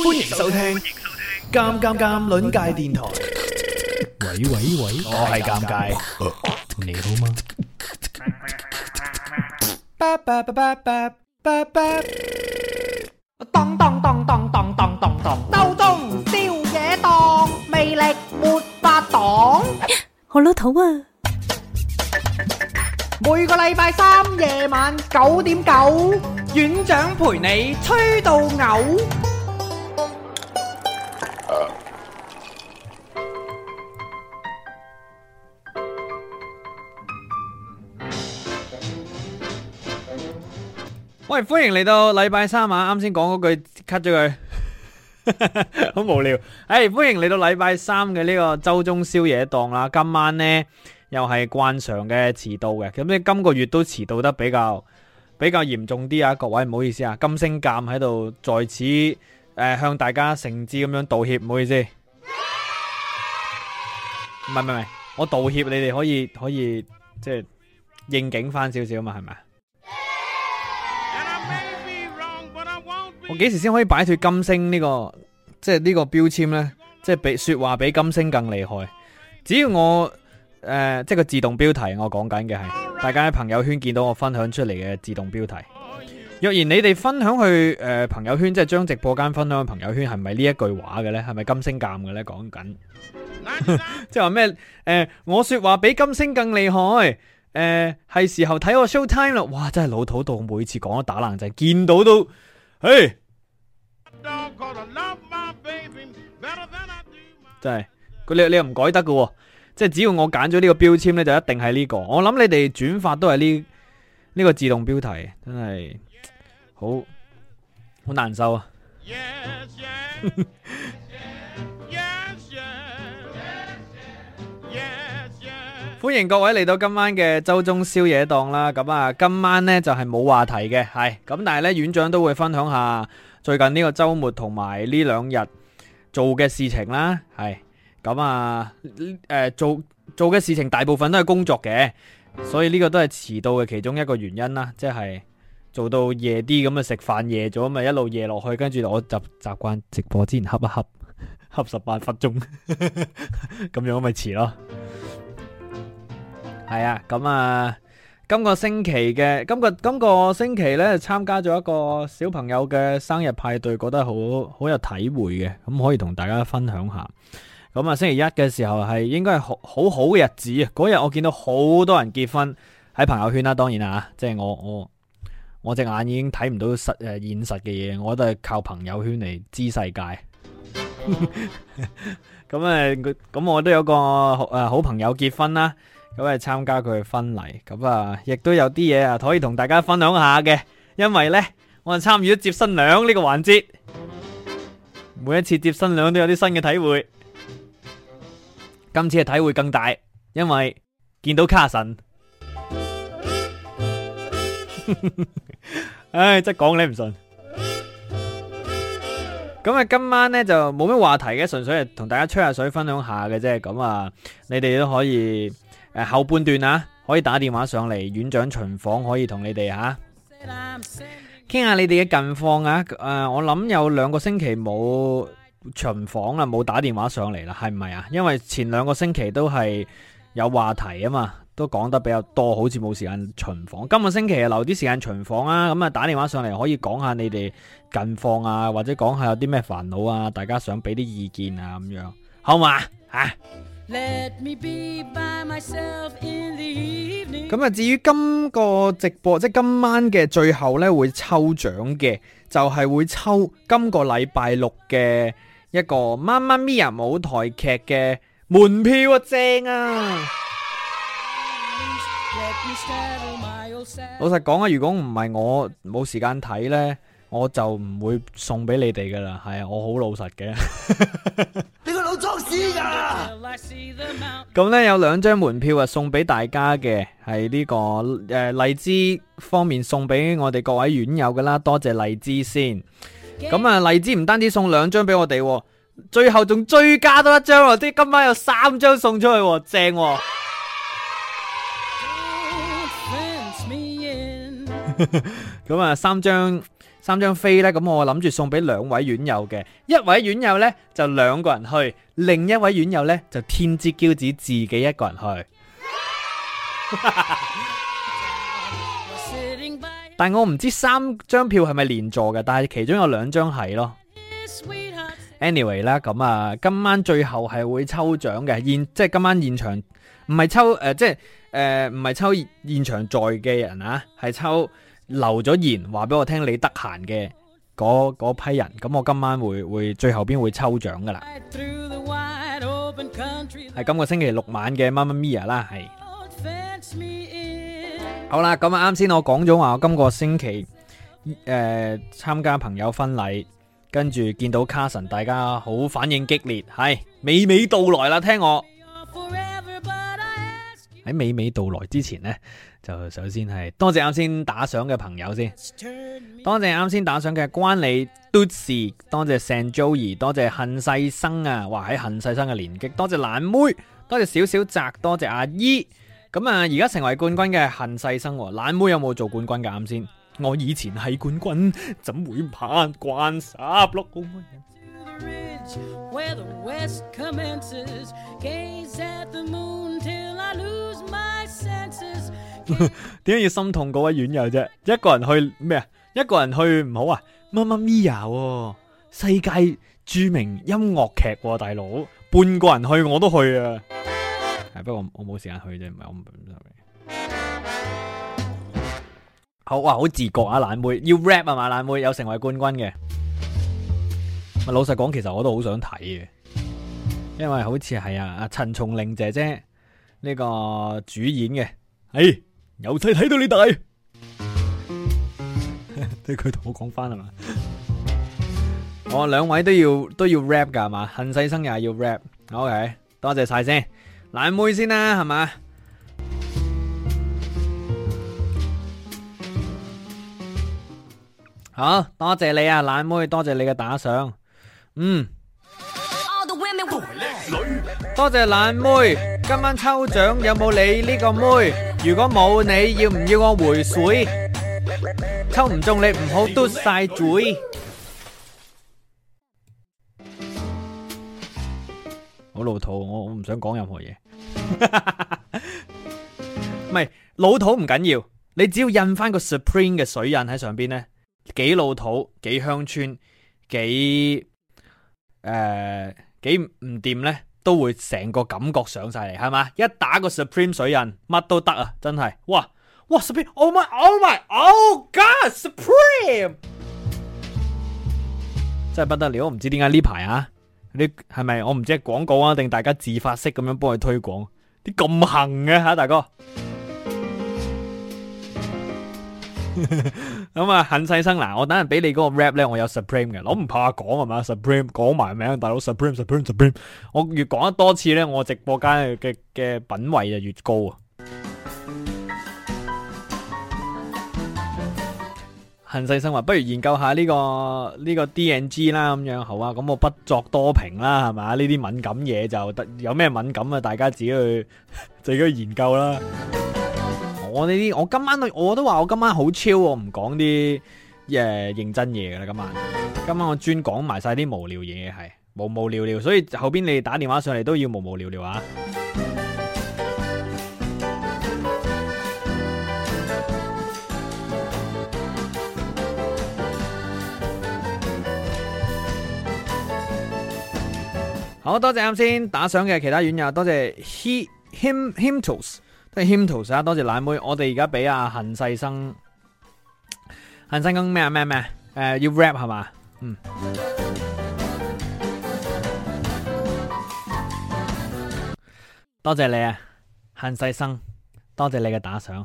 歡迎收聽《尷尷尷》鄰界電台。喂喂喂，我係尷尬。你好嗎？當當當當當當當，鬥爭少嘢當，魅力沒法擋。好老土啊！每個禮拜三夜晚九點九，院長陪你吹到嘔。哎、歡迎嚟到禮拜三啊！啱先講嗰句 cut 咗佢，好 無聊。誒、哎，歡迎嚟到禮拜三嘅呢個周中宵夜檔啦、啊！今晚呢，又係慣常嘅遲到嘅，咁你今個月都遲到得比較比較嚴重啲啊！各位唔好意思啊，金星監喺度在此誒、呃、向大家誠摯咁樣道歉，唔好意思。唔係唔係唔係，我道歉，你哋可以可以即係、就是、應景翻少少嘛？係咪？我幾時先可以擺脫金星呢，這個即係呢個標籤呢，即係比說話比金星更厲害。只要我誒、呃、即係個自動標題我講，我講緊嘅係大家喺朋友圈見到我分享出嚟嘅自動標題。若然你哋分享去誒、呃、朋友圈，即係將直播間分享去朋友圈，係咪呢一句話嘅呢？係咪金星鑒嘅呢？講緊 即係話咩？誒、呃，我說話比金星更厲害。誒、呃，係時候睇我 show time 啦！哇，真係老土到每次講都打冷震，見到都……嘿、hey，真係你又唔改得㗎，即係只要我揀咗呢個標籤呢，就一定係呢個。我諗你哋轉發都係呢呢個自動標題，真係好好難受啊、yes,！Yes, 歡迎各位嚟到今晚嘅周中宵夜檔啦，咁啊，今晚呢就係、是、冇話題嘅，係咁，但係呢，院長都會分享下最近呢個周末同埋呢兩日做嘅事情啦，係咁啊，誒、呃，做做嘅事情大部分都係工作嘅，所以呢個都係遲到嘅其中一個原因啦，即、就、係、是、做到夜啲咁啊，食飯夜咗咪一路夜落去，跟住我就習慣直播之前恰一恰恰十八分鐘，咁 樣咪遲咯。係啊，咁、嗯、啊，今個星期嘅，今個今個星期咧，參加咗一個小朋友嘅生日派對，覺得好好有體會嘅，咁、嗯、可以同大家分享一下。咁、嗯、啊，星期一嘅時候係應該係好，好好好嘅日子啊！嗰日我見到好多人結婚喺朋友圈啦、啊，當然啦、啊、即係我我我隻眼已經睇唔到實誒現實嘅嘢，我都係靠朋友圈嚟，知世界。咁 誒、嗯，咁、嗯嗯、我都有個誒好，好朋友結婚啦、啊。咁係參加佢嘅婚禮，咁啊，亦都有啲嘢啊，可以同大家分享下嘅。因為呢，我係參與咗接新娘呢個環節，每一次接新娘都有啲新嘅體會。今次嘅體會更大，因為見到卡神，唉，即係講你唔信。咁啊，今晚呢就冇咩話題嘅，純粹係同大家吹下水，分享下嘅啫。咁啊，你哋都可以。誒、呃，後半段啊，可以打電話上嚟，院長巡房可以同你哋，吓、啊，傾下你哋嘅近況啊。誒、呃，我諗有兩個星期冇巡房啊，冇打電話上嚟啦，係唔係啊？因為前兩個星期都係有話題啊嘛，都講得比較多，好似冇時間巡房。今個星期留啲時間巡房啊，咁、嗯、啊打電話上嚟可以講下你哋近況啊，或者講下有啲咩煩惱啊，大家想俾啲意見啊咁樣。好嘛吓？咁啊，至於今個直播，即係今晚嘅最後咧，會抽獎嘅，就係、是、會抽今個禮拜六嘅一個《媽媽咪呀》舞台劇嘅門票啊！正啊！老實講啊，如果唔係我冇時間睇咧。我就唔會送俾你哋噶啦，係 啊，我好老實嘅。你個老裝屎噶！咁呢，有兩張門票啊，送俾大家嘅，係呢、這個誒、呃、荔枝方面送俾我哋各位院友噶啦，多謝荔枝先。咁啊，荔枝唔單止送兩張俾我哋、啊，最後仲追加多一張、啊，即係今晚有三張送出去、啊，正、啊。咁 啊，三張。三張飛呢，咁我諗住送俾兩位院友嘅，一位院友呢，就兩個人去，另一位院友呢，就天之驕子自己一個人去。 但我唔知道三張票係咪連座嘅，但係其中有兩張係咯。Anyway 啦，咁啊，今晚最後係會抽獎嘅，現即係今晚現場唔係抽誒、呃，即係誒唔係抽現場在嘅人啊，係抽。留咗言，話俾我聽你得閒嘅嗰批人，咁我今晚會會最後邊會抽獎噶啦，係今個星期六晚嘅媽媽咪啊啦，係好啦，咁啱先我講咗話，我今個星期誒、呃、參加朋友婚禮，跟住見到卡神，大家好反應激烈，係美美到來啦，聽我喺美美到來之前呢。就首先係多謝啱先打賞嘅朋友先，多謝啱先打賞嘅關你都是，多謝聖 Joey，多謝恨世生啊，話喺恨世生嘅連擊，多謝懶、啊、妹，多謝少少澤，多謝阿姨，咁啊而家成為冠軍嘅恨世生，懶妹有冇做冠軍噶啱先？我以前係冠軍，怎會怕關失咯？Oh 點 解要心痛嗰位院友啫？一個人去咩啊？一個人去唔好啊？媽媽咪啊？世界著名音樂劇、啊，大佬半個人去我都去啊！不過我冇時間去啫，唔係我唔得嘅。好啊，好自覺啊，懶妹要 rap 係嘛？懶妹有成為冠軍嘅。老實講，其實我都好想睇嘅，因為好似係啊，陳松伶姐姐呢個主演嘅，哎。由細睇到你大，對佢同我講翻係嘛？我兩位都要都要 rap 噶係嘛？恨世生日要 rap，OK？多謝晒先，懶妹先啦，係嘛？好多謝你啊，懶妹，多謝你嘅打賞，嗯。多謝懶妹，今晚抽獎有冇你呢個妹？如果冇你要唔要我回水？抽唔中你唔好嘟晒嘴。好老土，我我唔想講任何嘢。唔 係老土唔緊要，你只要印翻個 Supreme 嘅水印喺上邊咧，幾老土，幾鄉村，幾誒幾唔掂咧？呃都會成個感覺上晒嚟，係嘛？一打個 Supreme 水印，乜都得啊！真係，哇哇 Supreme！Oh my！Oh my！Oh God！Supreme！真係不得了，我唔知點解呢排啊？呢，係咪我唔知係廣告啊，定大家自發式咁樣幫佢推廣？啲咁行嘅、啊、吓、啊，大哥。咁啊，恨細生嗱，我等下俾你嗰個 rap 咧，我有 Supreme 嘅，我唔怕講係嘛，Supreme 講埋名大佬，Supreme Supreme Supreme，我越講得多次咧，我直播間嘅嘅品位就越高啊！恨細 生話，不如研究下呢個呢個 D N G 啦，咁樣好啊，咁我不作多評啦，係嘛，呢啲敏感嘢就得有咩敏感啊，大家自己去 自己去研究啦。我呢啲，我今晚都我都話我今晚好超我唔講啲誒認真嘢噶啦，今晚今晚我專講埋晒啲無聊嘢，係無無聊聊，所以後邊你打電話上嚟都要無無聊聊啊，好！好多謝啱先打賞嘅其他院友，多謝 He Him Himtos 謙圖，大家多謝奶妹。我哋而家俾阿恨世生，恨生跟咩啊咩咩？誒，要 rap 係嘛？嗯，多謝你啊，恨世生，多謝你嘅打賞。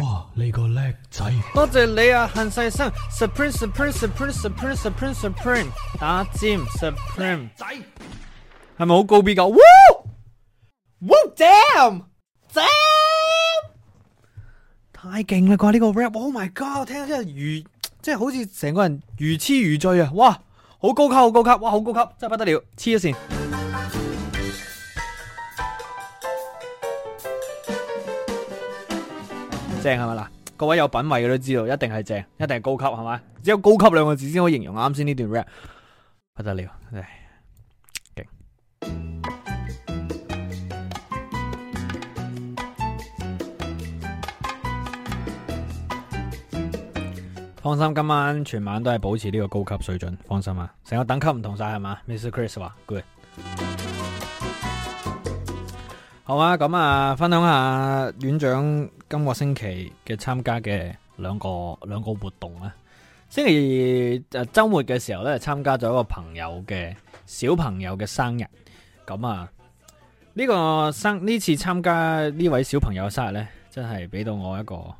哇，你個叻仔！多謝你啊，恨世生，Supreme Supreme Supreme Supreme Supreme Supreme，打尖 Supreme 仔，係咪好告別噶？Wow, Damn, Damn, 太勁啦啩呢個 rap！Oh my god，聽咗真係如，即係好似成個人如痴如醉啊！哇，好高級，好高級，哇，好高級，真係不得了，黐咗線，正係咪？嗱？各位有品味嘅都知道，一定係正，一定係高級，係咪？只有高級兩個字先可以形容啱先呢段 rap，不得了，唉。放心，今晚全晚都係保持呢個高級水準。放心啊，成個等級唔同晒係嘛？Mr. Chris 話 good、嗯。好啊，咁啊，分享下院長今個星期嘅參加嘅兩個兩個活動啊。星期二誒周末嘅時候咧，參加咗一個朋友嘅小朋友嘅生日。咁啊，呢、呢個生呢次參加呢位小朋友生日咧，真係俾到我一個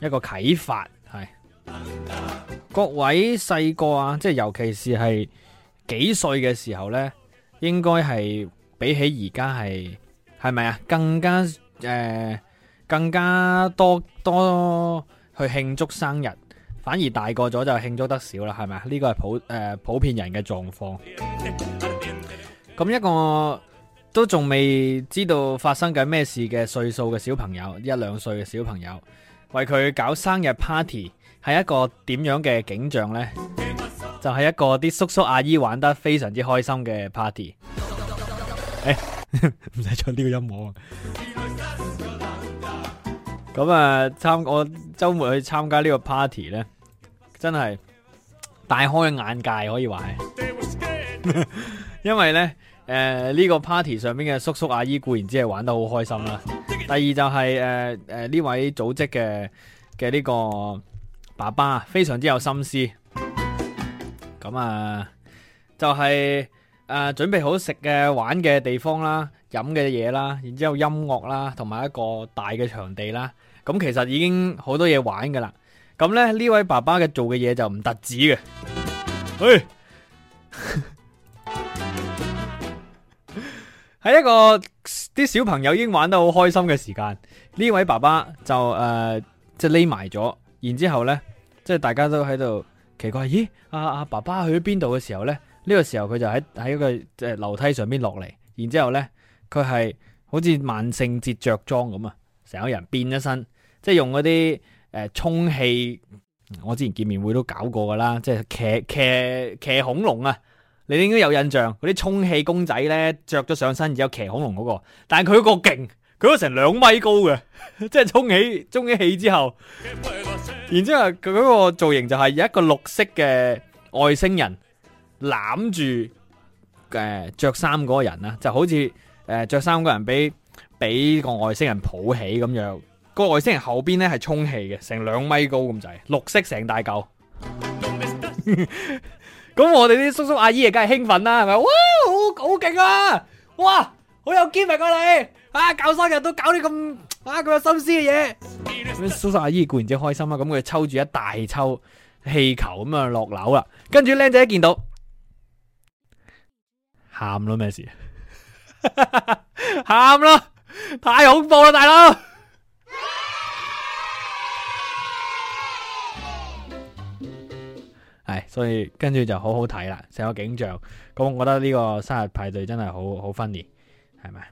一個啟發。各位細個啊，即係尤其是係幾歲嘅時候呢，應該係比起而家係係咪啊？更加誒、呃，更加多多去慶祝生日，反而大個咗就慶祝得少啦，係咪啊？呢個係普誒、呃、普遍人嘅狀況。咁一個都仲未知道發生緊咩事嘅歲數嘅小朋友，一兩歲嘅小朋友，為佢搞生日 party。係一個點樣嘅景象呢？就係、是、一個啲叔叔阿姨玩得非常之開心嘅 party 走走走走、哎。誒，唔使唱呢個音樂啊！咁 啊，參我周末去參加呢個 party 咧，真係大開眼界可以話。 因為咧，誒、呃、呢、這個 party 上面嘅叔叔阿姨固然之係玩得好開心啦。第二就係誒誒呢位組織嘅嘅呢個。爸爸非常之有心思，咁啊就係、是、誒、啊、準備好食嘅、玩嘅地方啦、飲嘅嘢啦，然之後音樂啦，同埋一個大嘅場地啦，咁其實已經好多嘢玩噶啦。咁咧呢位爸爸嘅做嘅嘢就唔特止嘅，誒、哎、喺 一個啲小朋友已經玩得好開心嘅時間，呢位爸爸就誒即係匿埋咗。啊。然之後咧，即係大家都喺度奇怪，咦？阿、啊、阿、啊、爸爸去咗邊度嘅時候咧？呢、這個時候佢就喺喺個樓梯上面落嚟。然之後咧，佢係好似萬聖節着裝咁啊，成個人變咗身，即係用嗰啲誒充氣。我之前見面會都搞過噶啦，即係騎騎騎恐龍啊！你哋應該有印象，嗰啲充氣公仔咧着咗上身，然之後騎恐龍嗰，那個，但係佢嗰個勁。佢嗰成兩米高嘅，即係充起充起氣之後，然之後佢嗰個造型就係一個綠色嘅外星人攬住誒着衫嗰個人啦，就好似誒着衫嗰個人俾俾個外星人抱起咁樣，個外星人後邊咧係充氣嘅，成兩米高咁滯，綠色成大嚿。咁我哋啲叔叔阿姨啊，梗係興奮啦，係咪？哇，好好勁啊！哇，好有勁力啊你！啊！搞生日都搞啲咁啊佢有心思嘅嘢，叔、嗯、叔阿姨固然之開心啦，咁佢抽住一大抽氣球咁啊落樓啦，跟住靚仔見到，喊咯，咩事？喊 咯！太恐怖啦，大佬！ 唉，所以跟住就好好睇啦，成個景象。咁我覺得呢個生日派對真係好好 funny，係咪？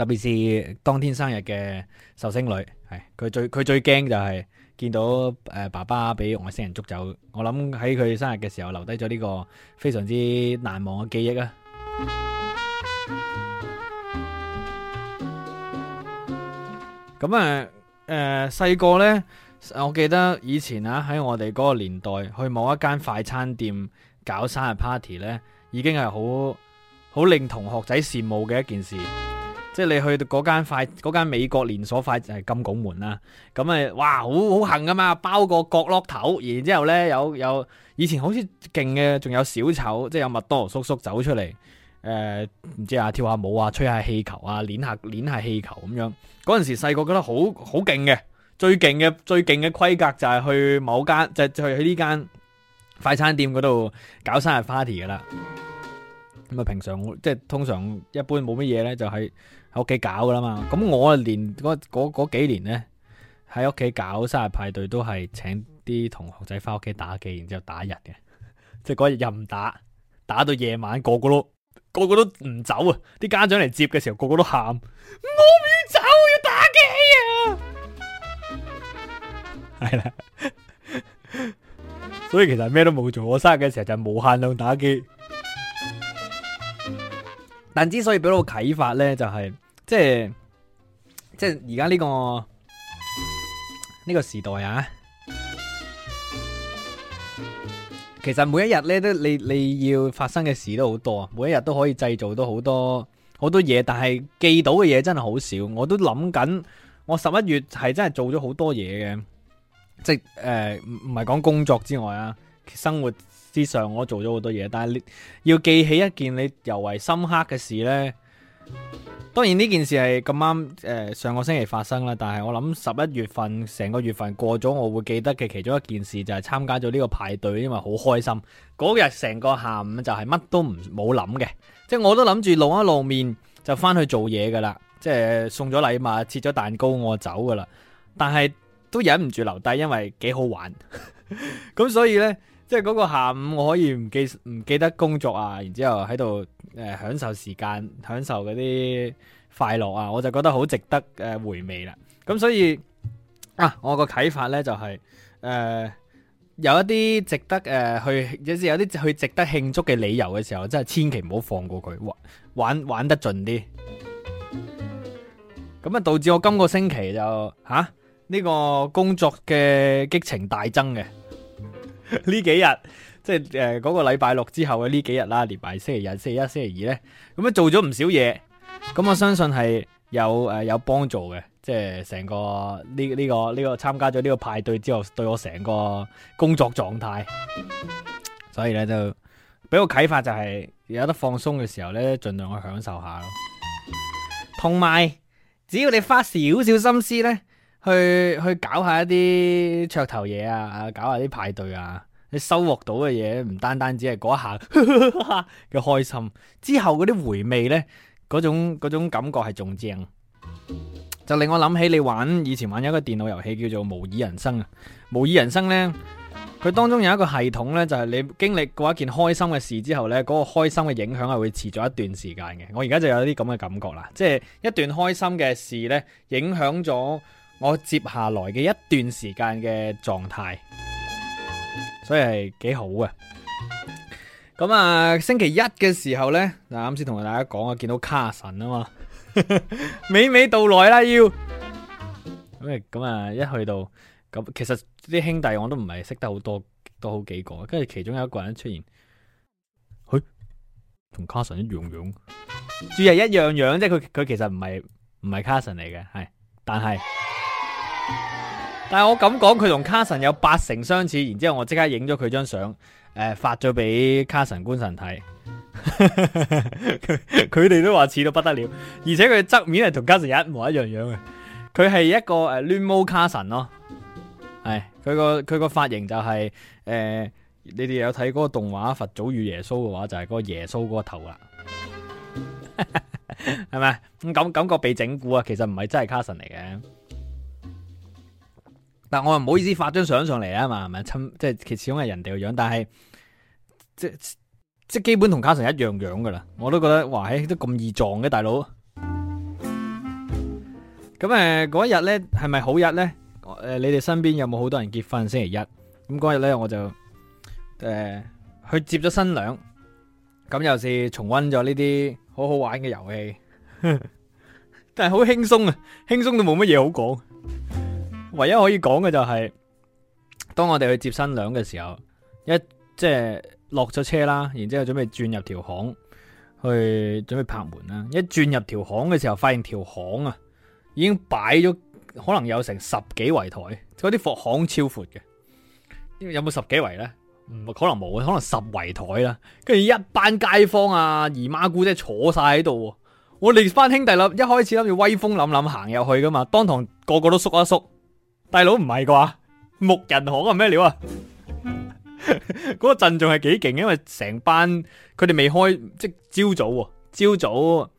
特別是當天生日嘅壽星女，係佢最佢最驚就係見到誒爸爸俾外星人捉走。我諗喺佢生日嘅時候留低咗呢個非常之難忘嘅記憶啊。咁啊，誒細個呢，我記得以前啊喺我哋嗰個年代去某一間快餐店搞生日 party 呢，已經係好好令同學仔羨慕嘅一件事。即係你去到嗰間快間美國連鎖快誒、就係、金拱門啦，咁啊哇好好行噶嘛，包個角落頭，然之後咧有有以前好似勁嘅，仲有小丑，即係有麥當勞叔叔走出嚟，誒、呃、唔知啊跳下舞啊，吹下氣球啊，捻下捻下氣球咁樣。嗰陣時細個覺得好好勁嘅，最勁嘅最勁嘅規格就係去某間就就係、去呢間快餐店嗰度搞生日 party 噶啦。咁啊，平常即係通常一般冇乜嘢咧，就喺喺屋企搞噶啦嘛。咁我啊，連嗰嗰幾年咧喺屋企搞生日派對，都係請啲同學仔翻屋企打機，然之後打日嘅，即係嗰日又唔打，打到夜晚，個個都個個都唔走啊！啲家長嚟接嘅時候，個個都喊：我唔要走，要打機啊！係啦， 所以其實咩都冇做，我生日嘅時候就無限量打機。但之所以俾到個啟發呢，就係、是、即係即係而家呢個呢個個時代啊，其實每一日呢，都你你要發生嘅事都好多啊，每一日都可以製造到好多好多嘢，但係記到嘅嘢真係好少。我都諗緊，我十一月係真係做咗好多嘢嘅，即係誒唔唔係講工作之外啊，生活。之上，我做咗好多嘢，但係要記起一件你尤為深刻嘅事呢。當然呢件事係咁啱，誒、呃，上個星期發生啦。但係我諗十一月份成個月份過咗，我會記得嘅其中一件事就係參加咗呢個派對，因為好開心。嗰日成個下午就係乜都唔冇諗嘅，即係我都諗住露一露面就翻去做嘢噶啦，即係送咗禮物、切咗蛋糕，我就走噶啦。但係都忍唔住留低，因為幾好玩。咁所以呢。即係嗰個下午，我可以唔記唔記得工作啊，然之後喺度誒享受時間，享受嗰啲快樂啊，我就覺得好值得誒、呃、回味啦。咁所以啊，我個啟發呢，就係、是、誒、呃、有一啲值得誒去，即、呃、有啲去值得慶、呃、祝嘅理由嘅時候，真係千祈唔好放過佢，玩玩玩得盡啲。咁啊，導致我今個星期就吓呢、啊這個工作嘅激情大增嘅。呢 幾日即係誒嗰個禮拜六之後嘅呢幾日啦，連埋星期日、星期一、星期二咧，咁咧做咗唔少嘢，咁我相信係有誒、呃、有幫助嘅，即係成個呢呢、呢個呢、呢個、呢個、參加咗呢個派對之後，對我成個工作狀態，所以咧就俾個啟發、就係，就係有得放鬆嘅時候咧，盡量去享受一下咯。同埋，只要你花少少心思咧。去去搞下一啲噱頭嘢啊，搞下啲派對啊，你收穫到嘅嘢唔單單只係嗰一下嘅 開心，之後嗰啲回味呢，嗰種嗰種感覺係仲正，就令我諗起你玩以前玩一個電腦遊戲叫做模擬人生啊。模擬人生呢，佢當中有一個系統呢，就係你經歷過一件開心嘅事之後呢，嗰個開心嘅影響係會持續一段時間嘅。我而家就有啲咁嘅感覺啦，即係一段開心嘅事呢，影響咗。我接下來嘅一段時間嘅狀態，所以係幾好嘅。咁啊，星期一嘅時候呢，嗱啱先同大家講啊，見到卡神啊嘛，美美到來啦，要咁啊咁啊，一去到咁，其實啲兄弟我都唔係識得好多，多好幾個，跟住其中有一個人出現，佢同卡神一樣樣，主係一樣樣，即係佢佢其實唔係唔係卡神嚟嘅，係但係。但係我咁講，佢同卡神有八成相似，然之後我即刻影咗佢張相，誒、呃、發咗俾卡神官神睇，佢 哋都話似到不得了，而且佢側面係同卡神一模一樣樣嘅，佢係一個誒攣、呃、 毛卡神咯，係佢個佢個髮型就係、是、誒、呃，你哋有睇嗰個動畫佛祖與耶穌嘅話，就係、是、嗰個耶穌嗰個頭啦，係 咪？咁感覺被整蠱啊，其實唔係真係卡神嚟嘅。但我又唔好意思發張相上嚟啊嘛，係咪親，即係佢始終係人哋個樣，但係即即基本同卡神一樣樣噶啦，我都覺得哇唉都咁易撞嘅大佬。咁誒嗰日咧係咪好日咧？誒，你哋身邊有冇好多人結婚星期一？咁嗰日咧我就誒去接咗新娘，咁又是重溫咗呢啲好好玩嘅遊戲，但係好輕鬆啊，輕鬆到冇乜嘢好講。唯一可以講嘅就係，當我哋去接新娘嘅時候，一即係落咗車啦，然之後準備轉入條巷去準備拍門啦。一轉入條巷嘅時候，發現條巷啊已經擺咗可能有成十幾圍台，嗰啲貨巷超闊嘅。有冇十幾圍呢？唔可能冇，可能十圍台啦。跟住一班街坊啊、姨媽姑姐坐晒喺度。我哋班兄弟諗一開始諗住威風凜凜行入去噶嘛，當堂個個都縮一縮。大佬唔係啩？木人行係咩料啊？嗰、啊、 個陣仲係幾勁，因為成班佢哋未開，即朝早喎，朝早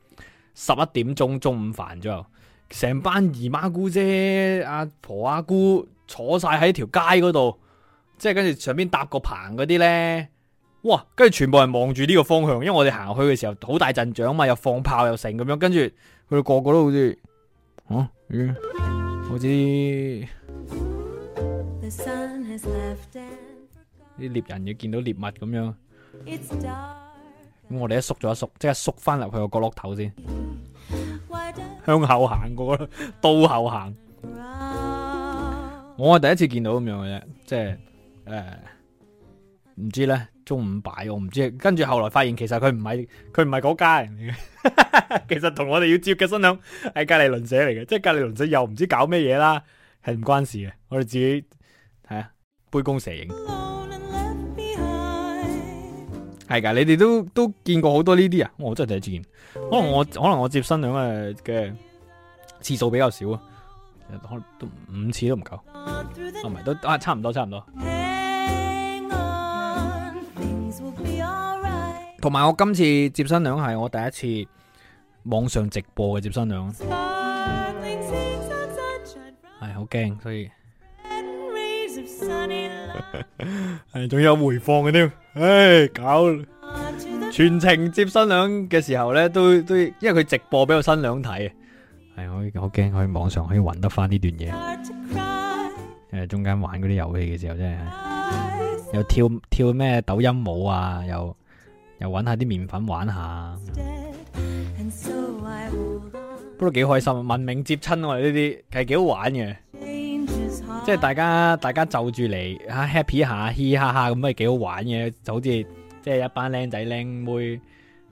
十一點鐘，中午飯左右，成班姨媽姑姐、阿婆阿姑坐晒喺條街嗰度，即係跟住上邊搭個棚嗰啲咧，哇！跟住全部人望住呢個方向，因為我哋行去嘅時候好大陣仗嘛，又放炮又成咁樣，跟住佢哋個個都好似，哦、啊，嗯，好似。啲獵人要見到獵物咁樣，咁我哋一縮咗一縮，即係縮翻入去個角落頭先，向後行過啦，倒後行。我係第一次見到咁樣嘅啫，即係誒，唔、呃、知咧，中午擺我唔知，跟住後來發現其實佢唔係佢唔係嗰家人嚟嘅， 其實同我哋要接嘅新娘係隔籬鄰舍嚟嘅，即係隔籬鄰舍又唔知搞咩嘢啦，係唔關事嘅，我哋自己。係啊，杯弓蛇影，係噶？你哋都都見過好多呢啲啊，我真係第一次見，可能我可能我接新娘嘅嘅次數比較少啊，可能都五次都唔夠，唔係，都啊，差唔多，差唔多。同埋我今次接新娘係我第一次網上直播嘅接新娘，係好驚，所以。係，仲有回放嘅添。唉、欸，搞全程接新娘嘅時候咧，都都因為佢直播俾個新娘睇，係、欸、我好驚可以網上可以搵得翻呢段嘢。誒，中間玩嗰啲遊戲嘅時候真係，又跳跳咩抖音舞啊，又又搵下啲麵粉玩下，不過幾開心，文明接親我哋呢啲係幾好玩嘅。即係大家，大家就住嚟啊，happy 下，嘻嘻哈哈咁咪幾好玩嘅，就好似即係一班靚仔靚妹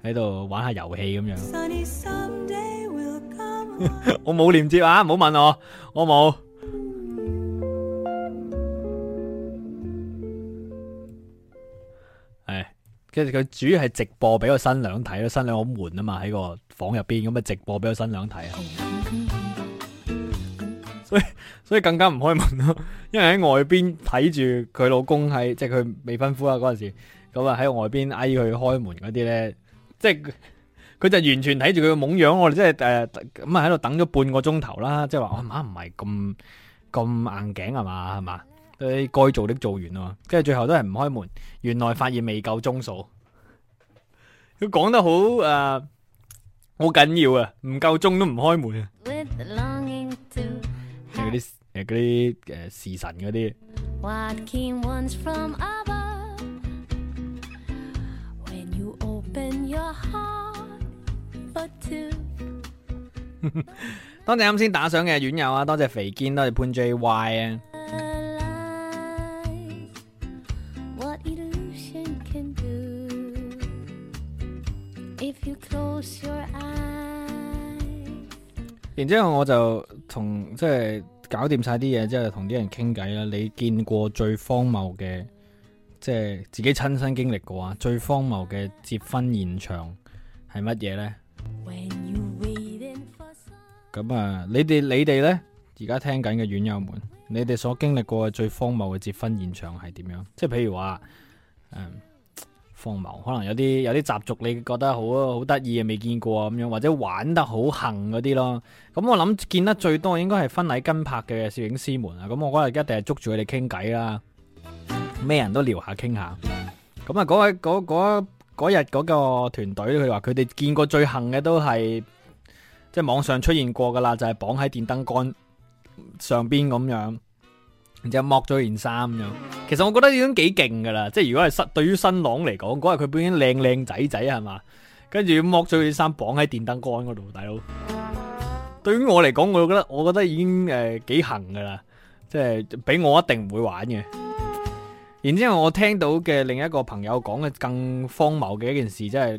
喺度玩下遊戲咁樣。 我冇連接啊，唔好問我，我冇。係， 跟住佢主要係直播俾個新娘睇咯，新娘好悶啊嘛，喺個房入邊咁咪直播俾個新娘睇啊。 所以，更加唔開門咯。因為喺外邊睇住佢老公喺，即係佢未婚夫啦嗰陣時，咁啊喺外邊嗌佢開門嗰啲咧，即係佢就完全睇住佢嘅懵樣。我哋即係誒咁啊喺度等咗半個鐘頭啦，即係話「我媽唔係咁咁硬頸係嘛係嘛，佢該做的做完嘛。」跟住最後都係唔開門。原來發現未夠鐘數，佢講得好誒，好緊要啊，唔夠鐘都唔開門啊。誒，嗰啲誒，時神嗰啲。當正啱先打賞嘅遠友啊，多謝肥堅，多謝潘 JY 啊。然之後我就同即係。搞掂晒啲嘢之後，同啲人傾偈啦。你見過最荒謬嘅，即係自己親身經歷過啊！最荒謬嘅結婚現場係乜嘢呢？咁啊，你哋你哋呢，而家聽緊嘅院友們，你哋所經歷過嘅最荒謬嘅結婚現場係點樣？即係譬如話，嗯可能有啲有啲習俗你覺得好好得意啊，未見過咁樣，或者玩得好行嗰啲咯。咁我諗見得最多應該係婚禮跟拍嘅攝影師們啊。咁我嗰日一定係捉住佢哋傾偈啦，咩人都聊下傾下。咁啊，嗰日嗰個團隊佢話佢哋見過最行嘅都係即係網上出現過噶啦，就係綁喺電燈杆上邊咁樣。然之後剝咗件衫咁樣，其實我覺得已經幾勁噶啦，即係如果係新對於新郎嚟講，嗰日佢本身靚靚仔仔係嘛？跟住剝咗件衫綁喺電燈杆嗰度，大佬。對於我嚟講，我覺得我覺得已經誒幾、呃、行噶啦，即係俾我一定唔會玩嘅。然之後我聽到嘅另一個朋友講嘅更荒謬嘅一件事，真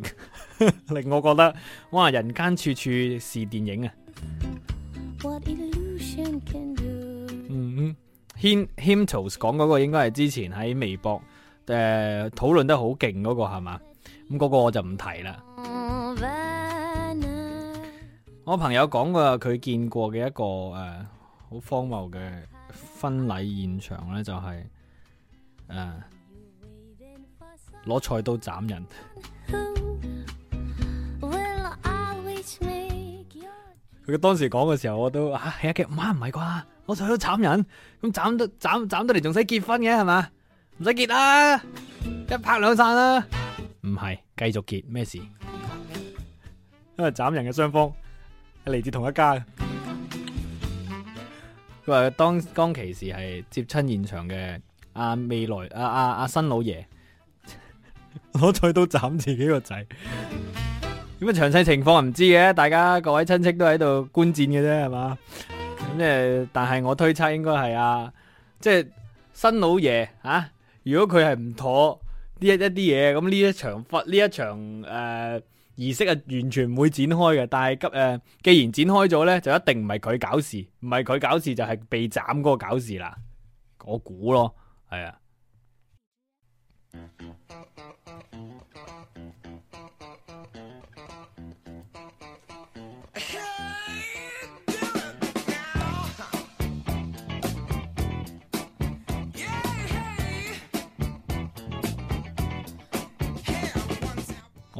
係 令我覺得哇，人間處處是電影啊！What Him h o m e s 講嗰個應該係之前喺微博誒、呃、討論得好勁嗰個係嘛？咁嗰、那個我就唔提啦。我朋友講過佢見過嘅一個誒好、呃、荒謬嘅婚禮現場咧，就係誒攞菜刀斬人 。佢當時講嘅時候，我都嚇係啊嘅，媽，唔係啩？我再都斬人，咁斬都斬斬到嚟，仲使結婚嘅係嘛？唔使結啦，一拍兩散啦，啊。唔係，繼續結咩事？因為斬人嘅雙方係嚟自同一家。佢 話當當其時係接親現場嘅阿，啊、未來阿阿阿新老爺， 攞菜刀斬自己個仔。咁啊，詳細情況唔知嘅，大家各位親戚都喺度觀戰嘅啫，係嘛？咁、嗯、誒，但係我推測應該係啊，即、就、係、是、新老爺啊，如果佢係唔妥呢一一啲嘢，咁呢一場佛呢一場誒儀、呃、式啊，完全唔會展開嘅。但係急誒，既然展開咗咧，就一定唔係佢搞事，唔係佢搞事就係、是、被斬嗰個搞事啦，我估咯，係啊。嗯嗯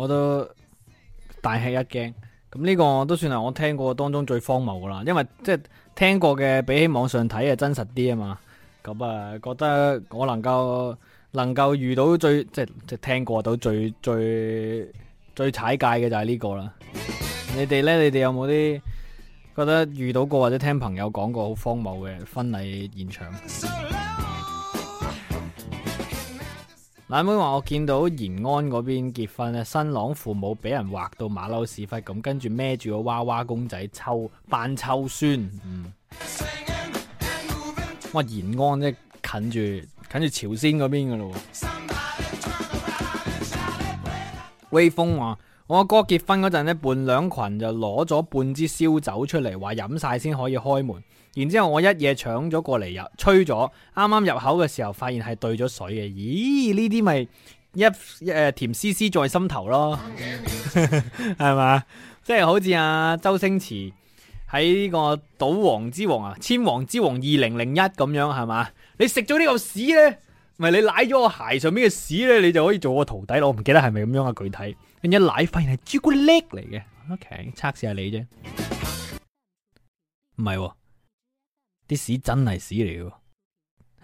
我都大吃一驚，咁呢個都算係我聽過當中最荒謬啦，因為即係聽過嘅比起網上睇嘅真實啲啊嘛，咁啊覺得我能夠能夠遇到最即係即聽過到最最最踩界嘅就係呢個啦，你哋呢？你哋有冇啲覺得遇到過或者聽朋友講過好荒謬嘅婚禮現場？阿妹話我見到延安嗰邊結婚咧，新郎父母俾人畫到馬騮屎忽咁，跟住孭住個娃娃公仔抽扮抽酸。嗯哇，我話延安啫，近住近住朝鮮嗰邊噶咯。威風話我阿哥結婚嗰陣咧，伴娘群就攞咗半支燒酒出嚟，話飲晒先可以開門。然之後我一夜搶咗過嚟入，吹咗，啱啱入口嘅時候，發現係兌咗水嘅。咦？呢啲咪一誒甜絲絲在心頭咯，係 嘛？ 即係好似阿、啊、周星馳喺呢個賭王之王啊，千王之王二零零一咁樣，係嘛？你食咗呢嚿屎咧，唔係你舐咗我鞋上面嘅屎咧，你就可以做我徒弟咯？唔記得係咪咁樣嘅具體，跟住一舐發現係朱古力嚟嘅。OK，測試下你啫，唔係、哦。啲屎真係屎嚟嘅，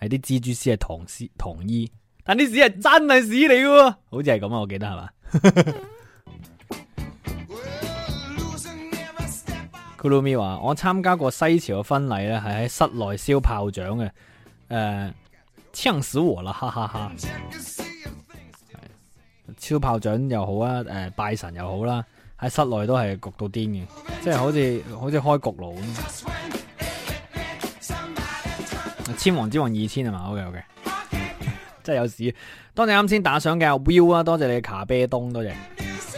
係啲蜘蛛絲係糖絲糖衣，但啲屎係真係屎嚟嘅，好似係咁啊！我記得係嘛、 嗯、Kulmiya 話，我參加過西樵嘅婚禮咧，係喺室內燒炮仗嘅，誒、呃，嗆死我啦，哈哈哈！燒、嗯、炮仗又好啊，誒、呃，拜神又好啦，喺室內都係焗到癲嘅，即係好似好似開焗爐咁。千王之王二千係嘛？ok ok，真係有事，多謝啱先打賞嘅表啊，多謝你嘅卡啤東，多謝。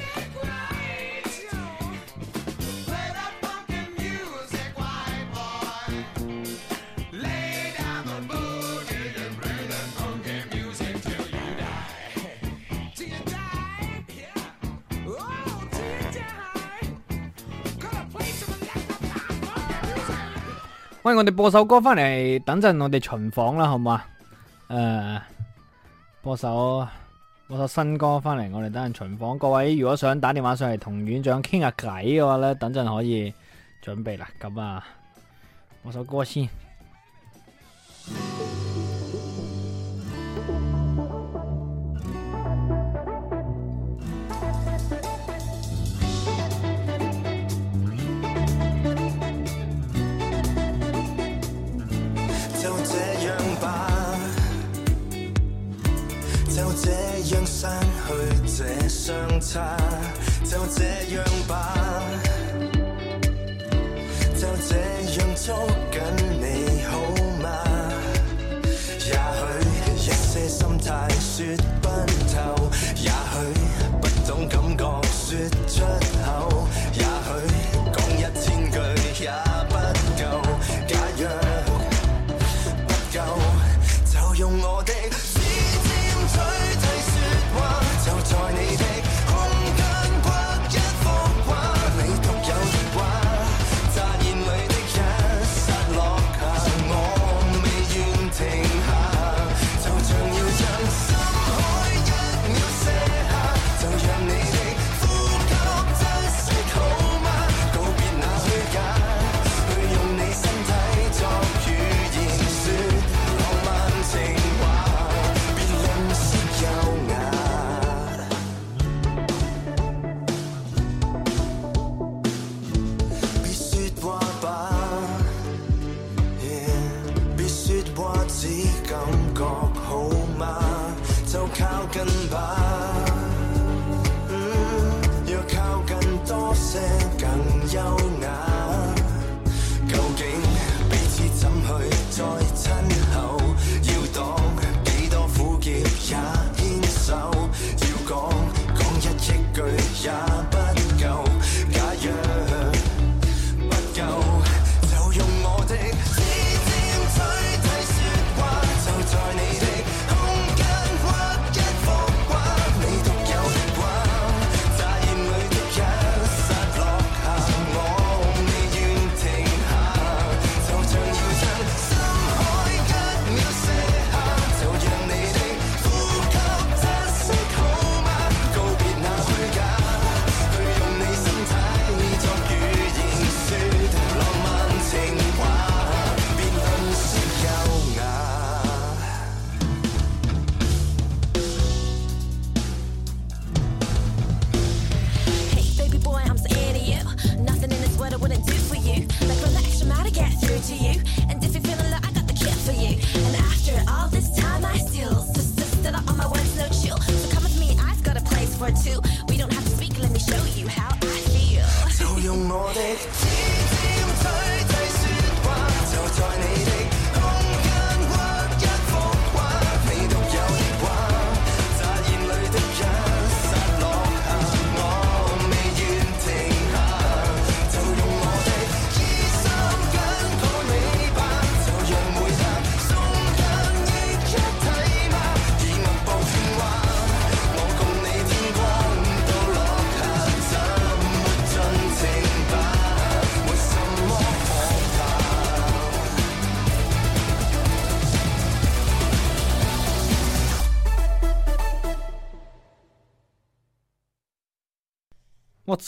我哋播首歌翻嚟，等陣我哋巡房啦，好唔好啊？誒、呃，播首播首新歌翻嚟，我哋等陣巡房。各位如果想打電話上嚟同院長傾下偈嘅話咧，等陣可以準備啦。咁、嗯、啊，播首歌先。就這樣吧，就這樣做。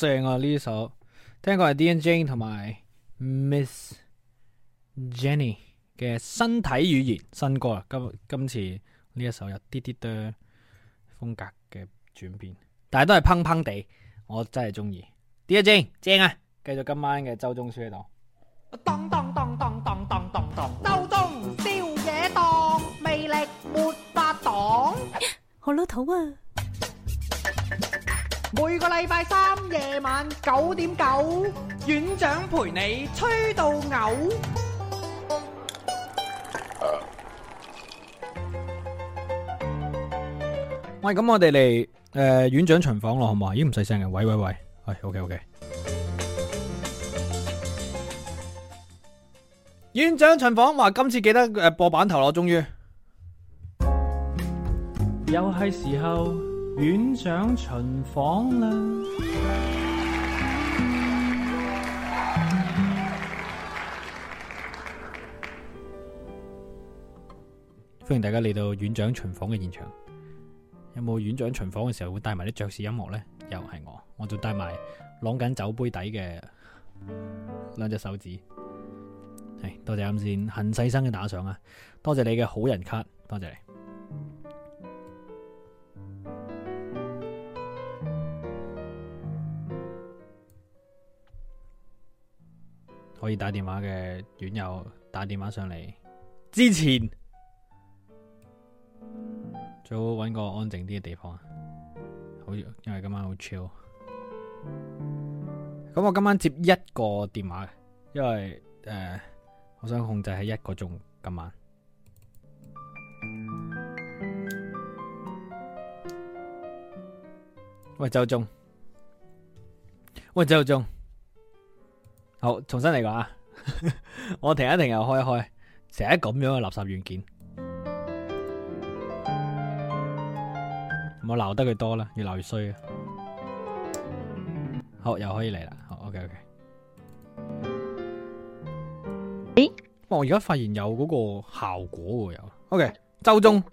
正啊！呢首聽過係 D N J 同埋 Miss Jenny 嘅身體語言新歌啊，今今次呢一首有啲啲嘅風格嘅轉變，但係都係砰砰地，我真係中意。D N J，正啊！繼續今晚嘅周中書喺度。當當當當當當當，當，當，周中，宵夜檔，魅力沒法擋。好老土啊！每個禮拜三夜晚九點九，院長陪你吹到嘔。喂，咁我哋嚟誒院長巡訪咯，好唔好啊？咦，唔使聲嘅，喂喂喂，係，OK OK。院長巡訪話今次記得誒播版頭咯，終於。又係時候。院長巡訪啦！歡迎大家嚟到院長巡訪嘅現場。有冇院長巡訪嘅時候會帶埋啲爵士音樂呢？又係我，我仲帶埋攞緊酒杯底嘅兩隻手指，哎。係多謝啱先，很細心嘅打賞啊！多謝你嘅好人卡，多謝你。可以打電話嘅遠友打電話上嚟之前，最好揾個安靜啲嘅地方，好，因為今晚好 chill。咁我今晚接一個電話，因為誒，我想控制喺一個鐘今晚。喂，周中，喂，周中。好，重新嚟講啊！ 我停一停又開一開，成日咁樣嘅垃圾軟件，唔好鬧得佢多啦，越鬧越衰啊！好，又可以嚟啦，OK OK。咦？我而家發現有嗰個效果喎，有 OK？周中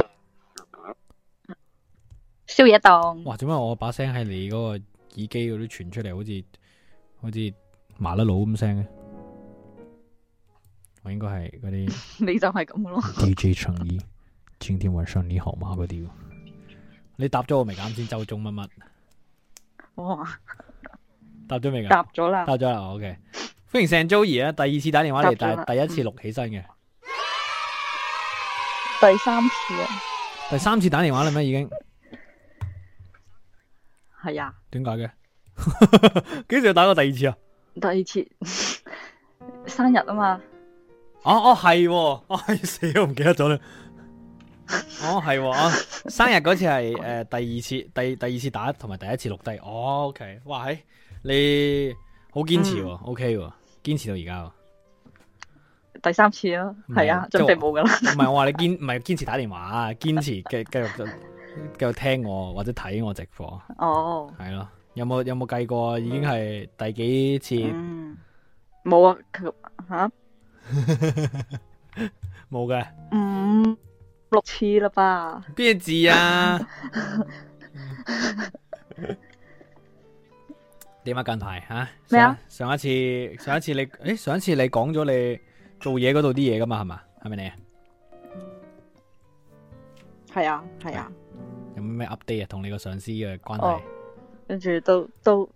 宵夜檔，哇！做咩？我把聲喺你嗰個耳機嗰度傳出嚟，好似好似。麻甩佬咁聲嘅，我應該係嗰啲。你就係咁嘅咯 DJ 意。D J 創意，今天晚上你好嗎？嗰啲，你答咗我未？啱先周中乜乜，我答咗未？答咗啦，答咗啦。O、okay、K，歡迎成 e n Joy 啊，第二次打電話嚟，但係第一次錄起身嘅、嗯。第三次啊！第三次打電話嚟咩？已經係啊？點解嘅？幾 時打過第二次啊？第二次生日啊嘛！哦，哦係、啊哎，我係死都唔記得咗啦。 哦係、啊，生日嗰次係誒、呃、第二次，第第二次打同埋第一次錄低。哦，OK，哇嘿，你好堅持、啊嗯、OK，堅持到而家、啊。第三次咯，係啊，準備冇噶啦。唔係我話你堅唔係堅持打電話，堅持繼繼續繼 續聽我或者睇我直播。哦、oh. 啊，係咯。有冇有冇計過？已經係第幾次？冇、嗯、啊吓，冇、啊、嘅，五、 嗯、六次啦吧。邊字啊？點 啊？近排吓咩啊？上一次上一次你誒上一次你講咗你做嘢嗰度啲嘢噶嘛係嘛係咪你啊？係啊係啊。有冇咩 update 啊？同你個上司嘅關係？哦跟住都都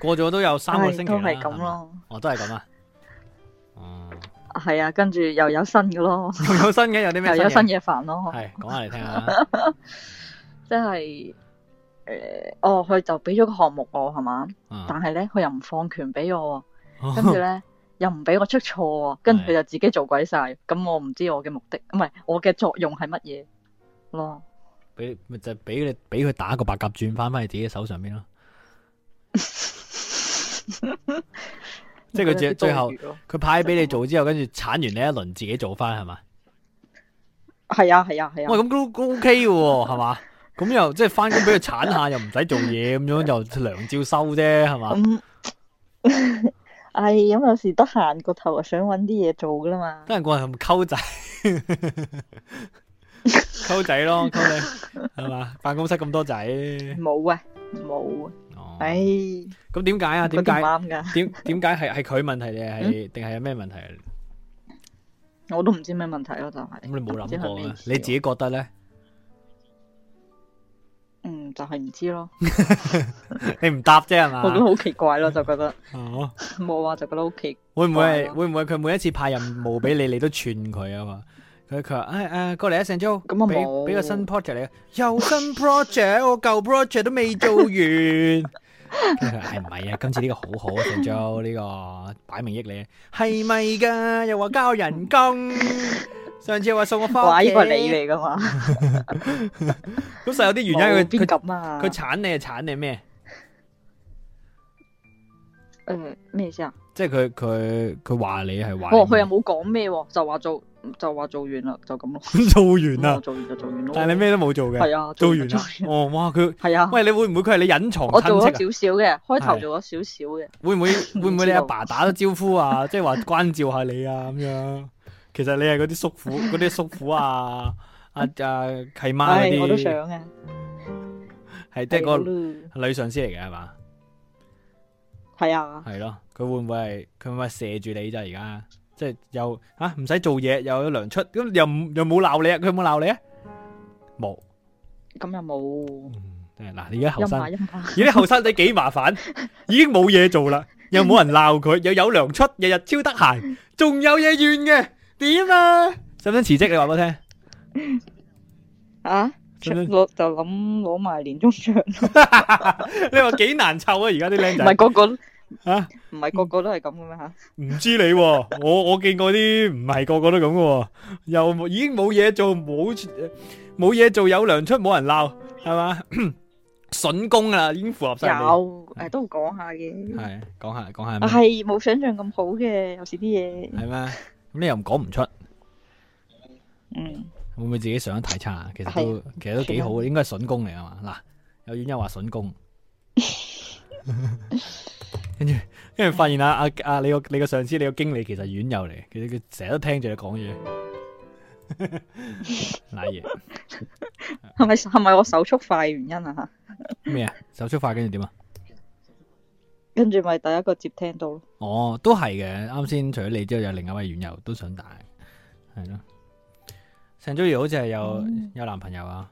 過咗都有三個星期都係咁咯，我都係咁啊，哦，係、嗯、啊，跟住又有新嘅咯 又新新，又有新嘅，有啲咩？又有新嘢煩咯，係講下嚟聽下，即係誒，哦，佢就俾咗個項目我係嘛、嗯，但係咧佢又唔放權俾我，跟住咧 又唔俾我出錯，跟住佢就自己做鬼晒，咁、嗯、我唔知我嘅目的唔係我嘅作用係乜嘢咯。嗯俾咪，就俾你俾佢打個白鴿轉翻翻去自己手上邊咯， 即係佢最後佢派俾你做之後，跟住鏟完你一輪自己做翻係嘛？係啊係啊係啊！喂咁、啊啊哦、都 OK 喎，係嘛？咁 又即係翻工俾佢鏟下， 又唔使做嘢咁樣，又梁照收啫，係、 哎嗯、嘛？咁係咁有時得閒個頭啊，想搵啲嘢做噶啦嘛。得閒過嚟係咪溝仔？溝仔咯，溝你係嘛？辦公室咁多仔，冇啊，冇啊。唉，咁點解啊？點解啱噶？點點解係係佢問題定係定係有咩問題啊？我都唔知咩問題咯，就係。咁你冇諗過啦？你自己覺得咧？嗯，就係唔知咯。你唔答啫係嘛？我覺得好奇怪咯，就覺得哦，冇啊，就覺得好奇。會唔會會唔會佢每一次派任務俾你，你都串佢啊嘛？佢佢話誒誒過嚟啊，成 jo，俾俾個新 project 你啊，又新 project， 我舊 project 都未做完。係 咪、哎、啊？今次呢個好好啊，成 jo 呢個擺明益你啊，係咪噶？又話交人工， 上次話送我花，依、這個你嚟噶嘛？咁 實有啲原因，佢佢咁啊，佢鏟你係鏟你咩？誒，咩意思啊？即係佢佢佢話你係話，佢、哦、又冇講咩，就話做。就話做完啦，就咁咯。做完啦，嗯，做完就做完咯。但係你咩都冇做嘅。係啊，做完，做完，做完。哦，哇，佢係啊。喂，你會唔會佢係你隱藏、啊？我做咗少少嘅，開頭做咗少少嘅。會唔會，會唔會你阿爸，爸打咗招呼啊？即係話關照下你啊？咁樣。其實你係嗰啲叔父、嗰 啲叔父啊、阿阿契媽啲。我都想嘅。係即係個女上司嚟嘅係嘛？係啊。係咯，佢會唔會係佢會唔會射住你啫、啊？而家？即係又吓唔使做嘢又有糧出咁，又唔又冇鬧你啊？佢有冇鬧你啊？冇，咁又冇。誒，嗱，而家後生而啲後生仔幾麻煩，已經冇嘢做啦，又冇人鬧佢，又有糧出，日日超得閒，仲有嘢怨嘅，點啊，使唔使辭職？你話俾我聽啊。我就諗攞埋年終獎咯。你話幾難湊啊，而家啲靚仔唔係個個。吓，唔係個個都係咁嘅咩吓？唔知你，我我見過啲唔係個個都咁嘅，又已經冇嘢做，冇冇嘢做有糧出，冇人鬧，係嘛？筍工啊，已經符合晒。有誒，都會講下嘅。係講下講下。係冇想象咁好嘅，有時啲嘢。係咩？咁你又唔講唔出？嗯。會唔會自己上一睇查？其實都其實都幾好嘅，應該係筍工嚟啊嘛。嗱，有員工話筍工。 跟住，跟住發現阿阿阿你個你個上司，你個經理其實院友嚟，其實佢佢成日都聽住你講嘢。嗱 嘢一樣，係咪係咪我手速快的原因啊？咩 啊？手速快跟住點啊？跟住咪第一個接聽到咯。哦，都係嘅。啱先除咗你之後，有另一位院友都想打的，係咯。鄭 j o 好似係有、嗯、有男朋友啊？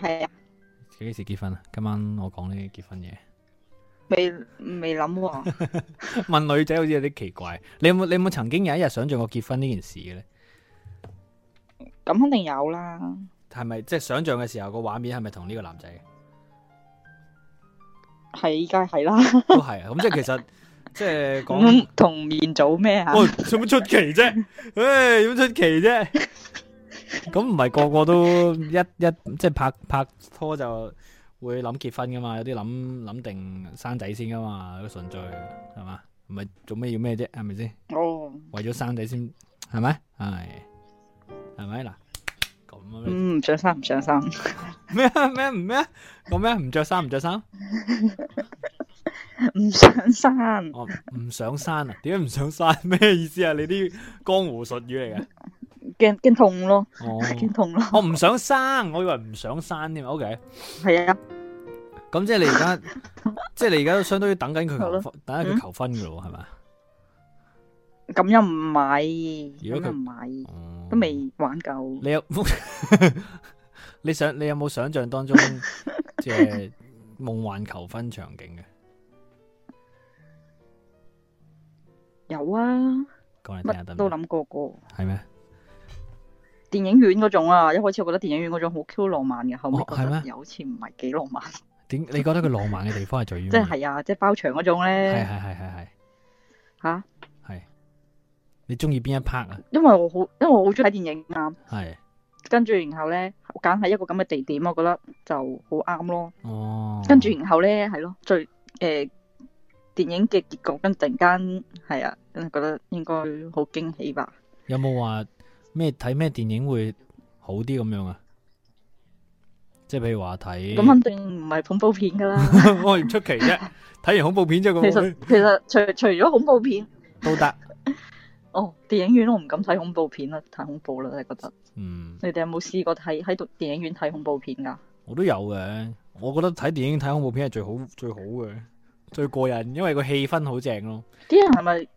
係啊。幾時結婚啊？今晚我講呢啲結婚嘢，未未諗。 問女仔好似有啲奇怪。你有冇你有冇曾經有一日想象過結婚呢件事嘅咧？咁肯定有啦。係 咪即係想象嘅時候個畫面係咪同呢個男仔？係依家係啦。都係啊。咁即係其實即係講同面做咩啊？喂做乜出奇啫？誒、 哎，點出奇啫。 咁唔係個個都一一即係拍拍拖就會諗結婚噶嘛，有啲諗諗定生仔先噶嘛，個順序係嘛？唔係做咩要咩啫？係咪先？哦，為咗生仔先係咪？係係咪嗱？咁啊咩？唔着衫唔着衫咩啊咩唔咩？講咩唔着衫唔着衫？唔上山唔上山啊？點解唔上山？咩意思啊？你啲江湖術語嚟㗎？驚驚痛咯，驚痛咯！我唔想生，我以為唔想生添嘛。O K，係啊，咁即係你而家，即係你而家都相當於等緊佢求婚，等緊佢求婚噶喎，係咪？咁又唔滿意？如果佢唔滿意，都未玩夠。你有，你想你有冇想象當中即係夢幻求婚場景嘅？有啊，講嚟聽下，乜都諗過過，係咩？電影院嗰種啊，一開始我覺得電影院嗰種好 Q 浪漫嘅，後屘覺得又好似唔係幾浪漫。點、哦、 你覺得佢浪漫嘅地方係最有有？即係係啊，即、就、係、是、包場嗰種咧。係係係係係。吓、啊？係。你中意邊一 part 啊？因為我好，因為我好中意睇電影啊。係。跟住然後咧，我揀係一個咁嘅地點，我覺得就好啱咯。哦。跟住然後咧，係咯，最誒、呃、電影嘅結局，跟突然間係啊，跟覺得應該好驚喜吧？有冇話？咩睇咩電影會好啲咁樣啊？即係譬如話睇咁，肯定唔係恐怖片噶啦，我唔出奇啫。睇 完恐怖片之後咁。其實其實除除咗恐怖片都得。哦，電影院我唔敢睇恐怖片啊，太恐怖啦，真係覺得。嗯，你哋有冇試過睇喺度電影院睇恐怖片噶？我都有嘅，我覺得睇電影睇恐怖片係最好最好嘅，最過癮，因為個氣氛好正咯。啲人係咪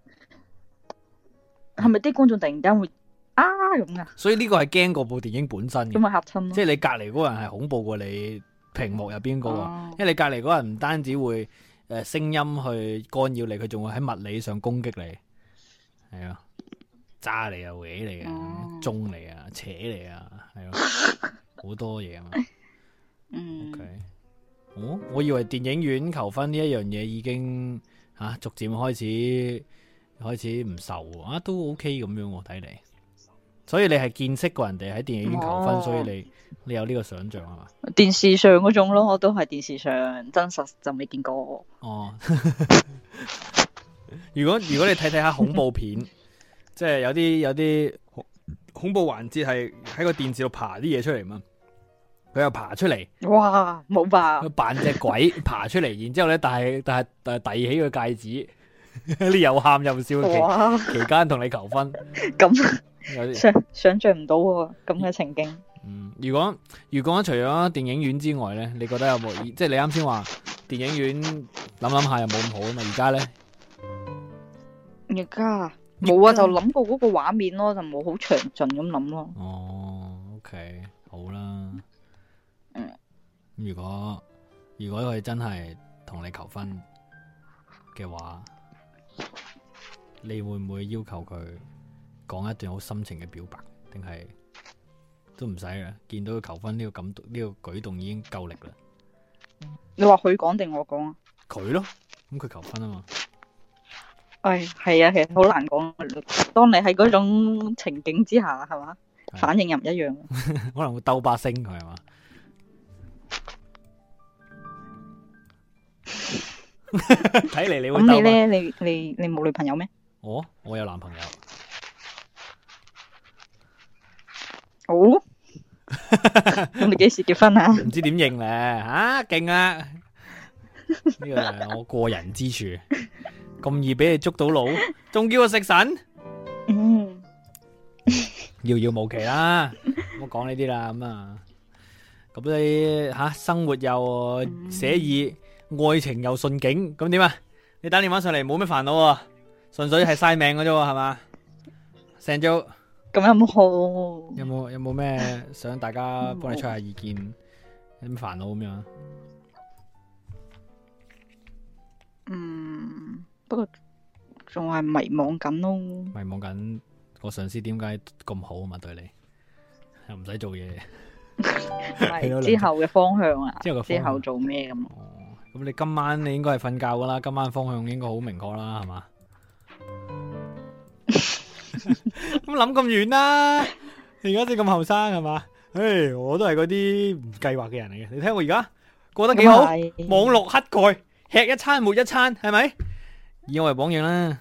係咪啲觀眾突然間會？啊，咁噶、啊，所以呢個係驚過部電影本身嘅，咁咪嚇親咯。即係你隔籬嗰人係恐怖過你屏幕入邊嗰個，因為你隔籬嗰人唔單止會誒聲、呃、音去干擾你，佢仲會喺物理上攻擊你，係啊，揸你啊，搲你啊、哦，中你啊，扯你啊，係咯，好 多嘢啊嘛。嗯，OK，我、哦、我以為電影院求婚呢一樣嘢已經吓、啊、逐漸開始開始唔受了啊，都 OK 咁樣，我睇嚟。所以你係見識過人哋喺電影院求婚，所以你你有呢個想象係嘛？電視上嗰種咯，我都係電視上真實就未見過。哦， 如果如果你睇睇下恐怖片， 即係有啲有啲恐怖環節係喺個電視度爬啲嘢出嚟嘛，佢又爬出嚟。哇！冇吧？佢扮隻鬼爬出嚟， 然之後咧，但係但係但係遞起個戒指。呢 又喊又笑，期間同你求婚，咁想想象唔到咁、啊、嘅情景。嗯，如果如果除咗電影院之外咧，你覺得有冇、嗯？即係你啱先話電影院諗諗下又冇咁好啊嘛？而家咧，而家冇啊，就諗過嗰個畫面咯，就冇好詳盡咁諗咯。哦，OK，好啦。嗯、如果如果佢真係同你求婚嘅話。你會唔會要求佢講一段好深情嘅表白？定係都唔使啦，見到佢求婚呢個感呢個舉動已經夠力啦。你話佢講定我講啊？佢咯，咁佢求婚啊嘛。唉，係啊，其實好難講。當你喺嗰種情景之下，係嘛，反應又唔一樣。可能會兜巴星佢係嘛。睇嚟你會咁，你咧？你你你冇女朋友咩？哦，我有男朋友。好。咁你幾時結婚啊？唔知點認咧吓，勁啊！呢個係我個人之處。咁易俾你捉到老，仲叫我食神。嗯。遙遙無期啦，唔好講呢啲啦咁啊。咁你吓生活又寫意，愛情又順景，咁點啊？你打電話上嚟冇咩煩惱喎，純粹係晒命嘅啫，係嘛？成做咁有冇好？有冇有冇咩想大家幫你出下意見？有咩煩惱咁樣啊？嗯，不過仲係迷惘緊咯。迷惘緊，個上司點解咁好啊？嘛對你又唔使做嘢，係之後嘅方向啊？之後做咩咁？咁你今晚你應該係瞓覺㗎喇，今晚方向應該好明確啦，係嘛？咁諗咁遠啦，你而家先咁後生係嘛？誒，我都係嗰啲唔計劃嘅人嚟嘅，你睇我而家過得幾好，網絡乞丐吃一餐沒一餐，係咪？以我為榜樣啦。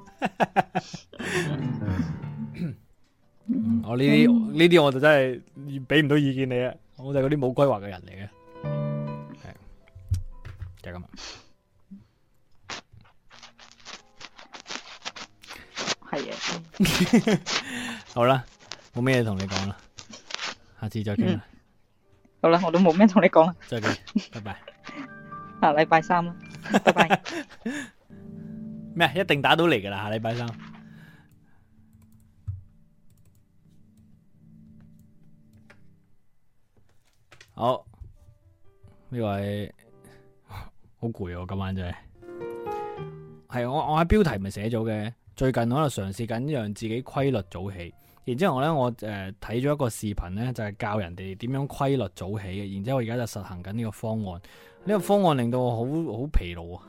我呢啲呢啲我就真係俾唔到意見你啊，我就係嗰啲冇規劃嘅人嚟嘅。就咁，係嘅。好啦，冇咩嘢同你講啦，下次再見啦。好啦，我都冇咩嘢同你講啦，再見，拜拜。下禮拜三啦，拜拜。咩？一定打到你噶啦，下禮拜三。好，呢位。好攰啊！今晚真係，係我我喺標題咪寫咗嘅。最近我喺度嘗試緊讓自己規律早起，然之後咧我誒睇咗一個視頻咧就係、是、教人哋點樣規律早起嘅。然之後我而家就實行緊呢個方案，呢、這個方案令到我好好疲勞啊！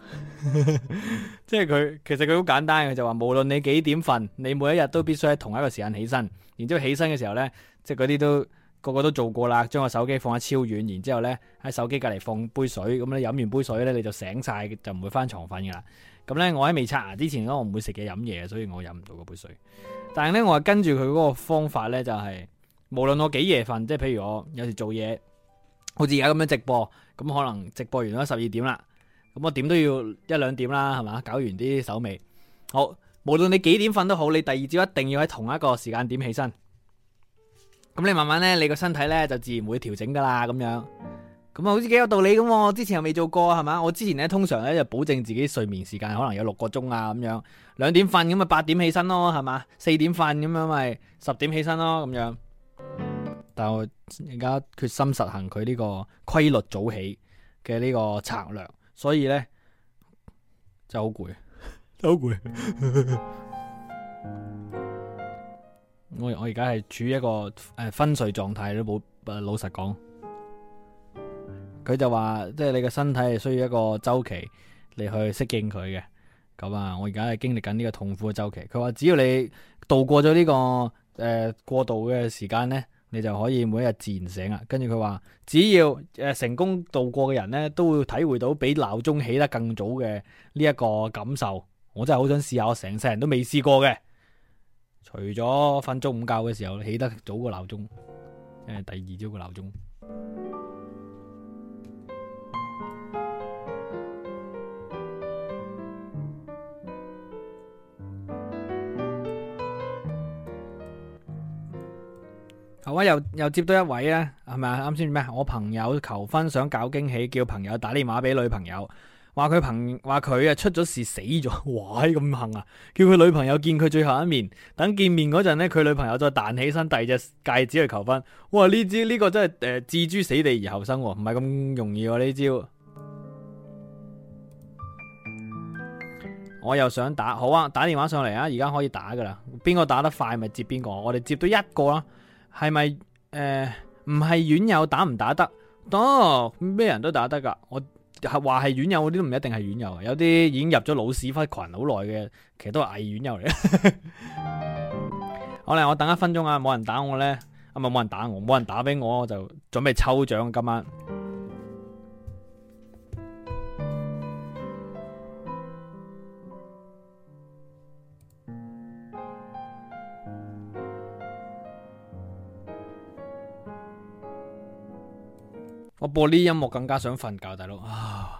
即係佢其實佢好簡單嘅，就話無論你幾點瞓，你每一日都必須喺同一個時間起身。然之後起身嘅時候咧，即係嗰啲都。個個都做過啦，將個手機放喺超遠，然之後呢，喺手機隔籬放杯水，咁你飲完杯水呢，你就醒晒，就唔會翻床瞓噶啦。咁呢，我喺未刷牙之前我唔會食嘢飲嘢，所以我飲唔到個杯水。但係呢，我跟住佢嗰個方法呢，就係，就係無論我幾夜瞓，即係譬如我有時做嘢，好似而家咁樣直播，咁可能直播完咗十二點啦，咁我點都要一兩點啦，係嘛？搞完啲手尾，好，無論你幾點瞓都好，你第二朝一定要喺同一個時間點起身。咁你慢慢咧，你個身體咧就自然會調整噶啦，咁樣，咁啊，好似幾有道理咁喎。我之前又未做過，係嘛？我之前咧通常咧就保證自己睡眠時間可能有六個鐘啊，咁樣，兩點瞓咁咪八點起身咯，係嘛？四點瞓咁樣咪十點起身咯，咁樣。但係我而家決心實行佢呢個規律早起嘅呢個策略，所以咧真係好攰，好攰。我我而家係處於一個誒昏睡狀態都冇老實講，佢 就話即係你嘅身體係需要一個周期嚟去適應佢嘅，咁啊我而家係經歷緊呢個痛苦嘅周期。佢話只要你度過咗呢、這個誒、呃、過渡嘅時間咧，你就可以每一日自然醒啊。跟住佢話只要誒成功度過嘅人咧，都會體會到比鬧鐘起得更早嘅呢一個感受。我真係好想試下，我成世人都未試過嘅。除咗瞓中午覺嘅時候，起得早個鬧鐘，誒，第二朝個鬧鐘。 好啊，又又接到一位呢係咪啊？啱先咩？我朋友求婚想搞驚喜，叫朋友打電話俾女朋友。話佢朋，話佢啊出咗事死咗，哇咁幸啊！叫佢女朋友見佢最後一面，等見面嗰陣呢，佢女朋友再彈起身第二隻戒指去求婚。哇！呢招呢、呢個真係誒置諸死地而後生，啊，唔係咁容易喎，啊、呢招。我又想打，好啊，打電話上嚟啊，而家可以打噶啦。邊個打得快咪接邊個，啊，我哋接到一個啦，啊。係咪誒唔係院友打唔打得？哦，咩人都打得噶，我。係話係院友嗰啲都唔一定係院友，有啲已經入咗老屎忽群好耐嘅，其實都係偽院友嚟。 好啦，我等一分鐘啊，冇人打我呢？咁啊冇人打我，冇人打俾我，我就準備抽獎今晚。我播呢音樂更加想瞓覺，大佬啊！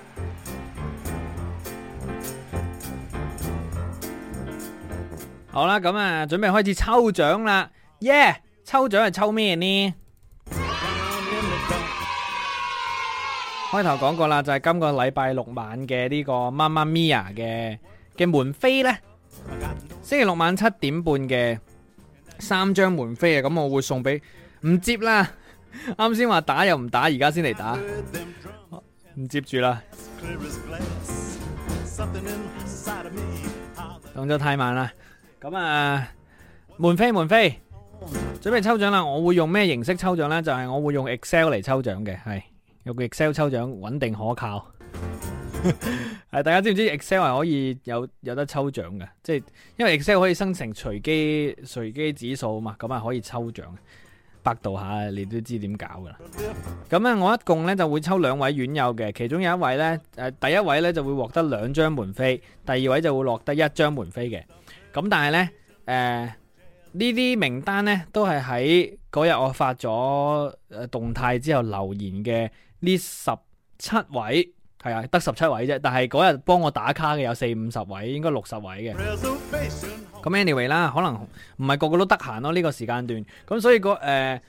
好啦，咁啊，準備開始抽獎啦！耶、yeah,，抽獎係抽咩呢？開頭講過啦，就係、是、今個禮拜六晚嘅呢個媽媽咪呀嘅嘅門飛呢星期六晚七點半嘅三張門飛啊，咁我會送俾唔接啦。啱先話打又唔打，而家先嚟打，唔接住啦。咁就太慢啦。咁啊，門飛門飛，準備抽獎啦。我會用咩形式抽獎呢？就係我會用 Excel 嚟抽獎嘅，係用 Excel 抽獎穩定可靠。係，大家知唔知 Excel 係可以有有得抽獎嘅？即係因為 Excel 可以生成隨機隨機指數啊嘛，咁啊可以抽獎。百度下你都知點搞噶啦。咁啊，我一共咧就會抽兩位院友嘅，其中有一位咧，誒，第一位咧就會獲得兩張門飛，第二位就會獲得一張門飛嘅。咁但係咧，誒，呢啲名單咧都係喺嗰日我發咗誒動態之後留言嘅呢十七位。係啊，得十七位啫，但係嗰日幫我打卡嘅有四五十位，應該六十位嘅。咁 anyway 啦，可能唔係個個都得閒咯，呢個時間段。咁所以，那個誒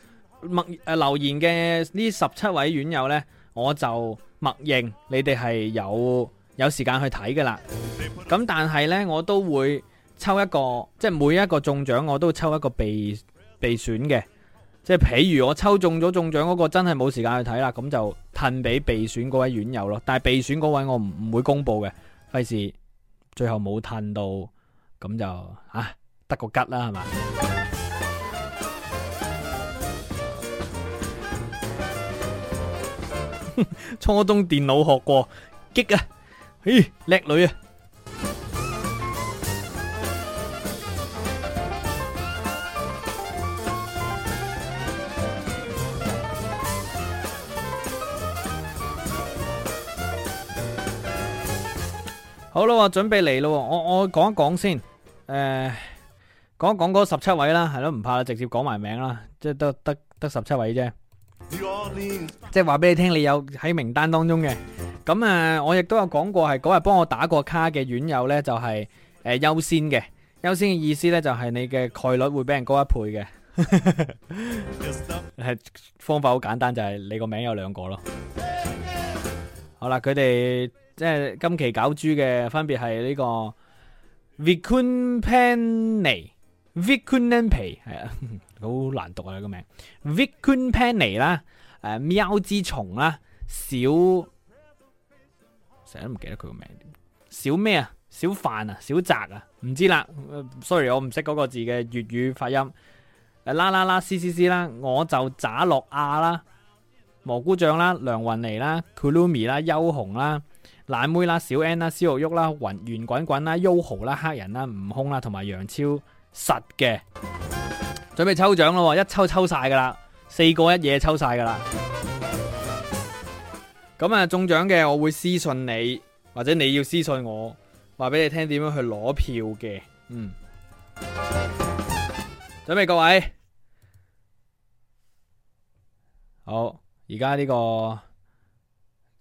默誒留言嘅呢十七位院友呢，我就默認你哋係有有時間去睇噶啦。咁 但係呢，我都會抽一個，即係每一個中獎我都抽一個備備選嘅。即係譬如我抽中咗中獎嗰個真係冇時間去睇啦，咁就褪俾備選嗰位院友咯。但係備選嗰位我唔唔會公布嘅，費事最後冇褪到，咁就啊得個吉啦係嘛？初中電腦學過，激啊，咦叻女啊！好啦，我準備嚟咯，我我講一講先，誒、呃，講一講嗰十七位啦，係咯，唔怕，直接講埋名啦，即係得得得十七位啫，即係話俾你聽，你有喺名單當中嘅，咁啊，我亦都有講過，係嗰日幫我打過卡嘅院友呢，就係誒優先嘅，優先嘅意思呢，就係、是、你嘅概率會比人高一倍嘅，係 方法好簡單，就係、是、你個名有兩個咯，好啦，佢哋。即係今期搞豬嘅分別係呢個 v i c u n p e n n y v i c u n n e 皮係啊，好難讀啊個名。v i c u n p e n n y 啦，誒喵之蟲啦，小成日都唔記得佢個名。小咩啊？小凡啊？小澤啊？唔知啦。Sorry，我唔識嗰個字嘅粵語發音。誒啦啦啦，C C C 啦，我就咋落亞啦，蘑菇醬啦，梁雲妮啦，c u l u m i 啦，幽紅啦。懶妹啦、小 N 啦、肖玉旭啦、雲圓滾滾啦、Yoho 啦、黑人啦、悟空啦，同埋楊超實嘅，準備抽獎咯，一抽抽晒噶啦，四個一嘢抽晒噶啦。咁啊，中獎嘅我會私信你，或者你要私信我，話俾你聽點樣去攞票嘅。嗯，準備各位，好，而家呢個。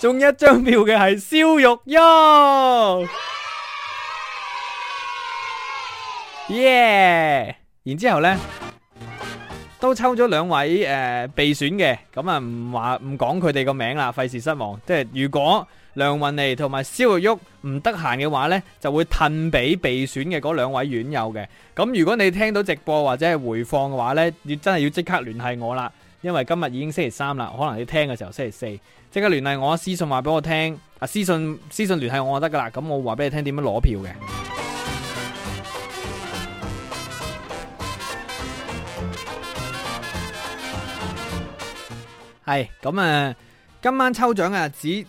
中一張票嘅係蕭玉郁，耶！然之後咧，都抽咗兩位誒備選嘅，咁啊唔話唔講佢哋個名啦，費事失望。即係如果梁雲妮同埋蕭玉郁唔得閒嘅話咧，就會褪俾備選嘅嗰兩位院友嘅。咁如果你聽到直播或者係回放嘅話咧，要真係要即刻聯繫我啦。因為今日已經星期三啦，可能你聽嘅時候星期四，即刻聯繫我，私信話俾我聽，啊私信私信聯繫我得噶啦，咁我話俾你聽點樣攞票嘅。係咁啊，今晚抽獎啊，只誒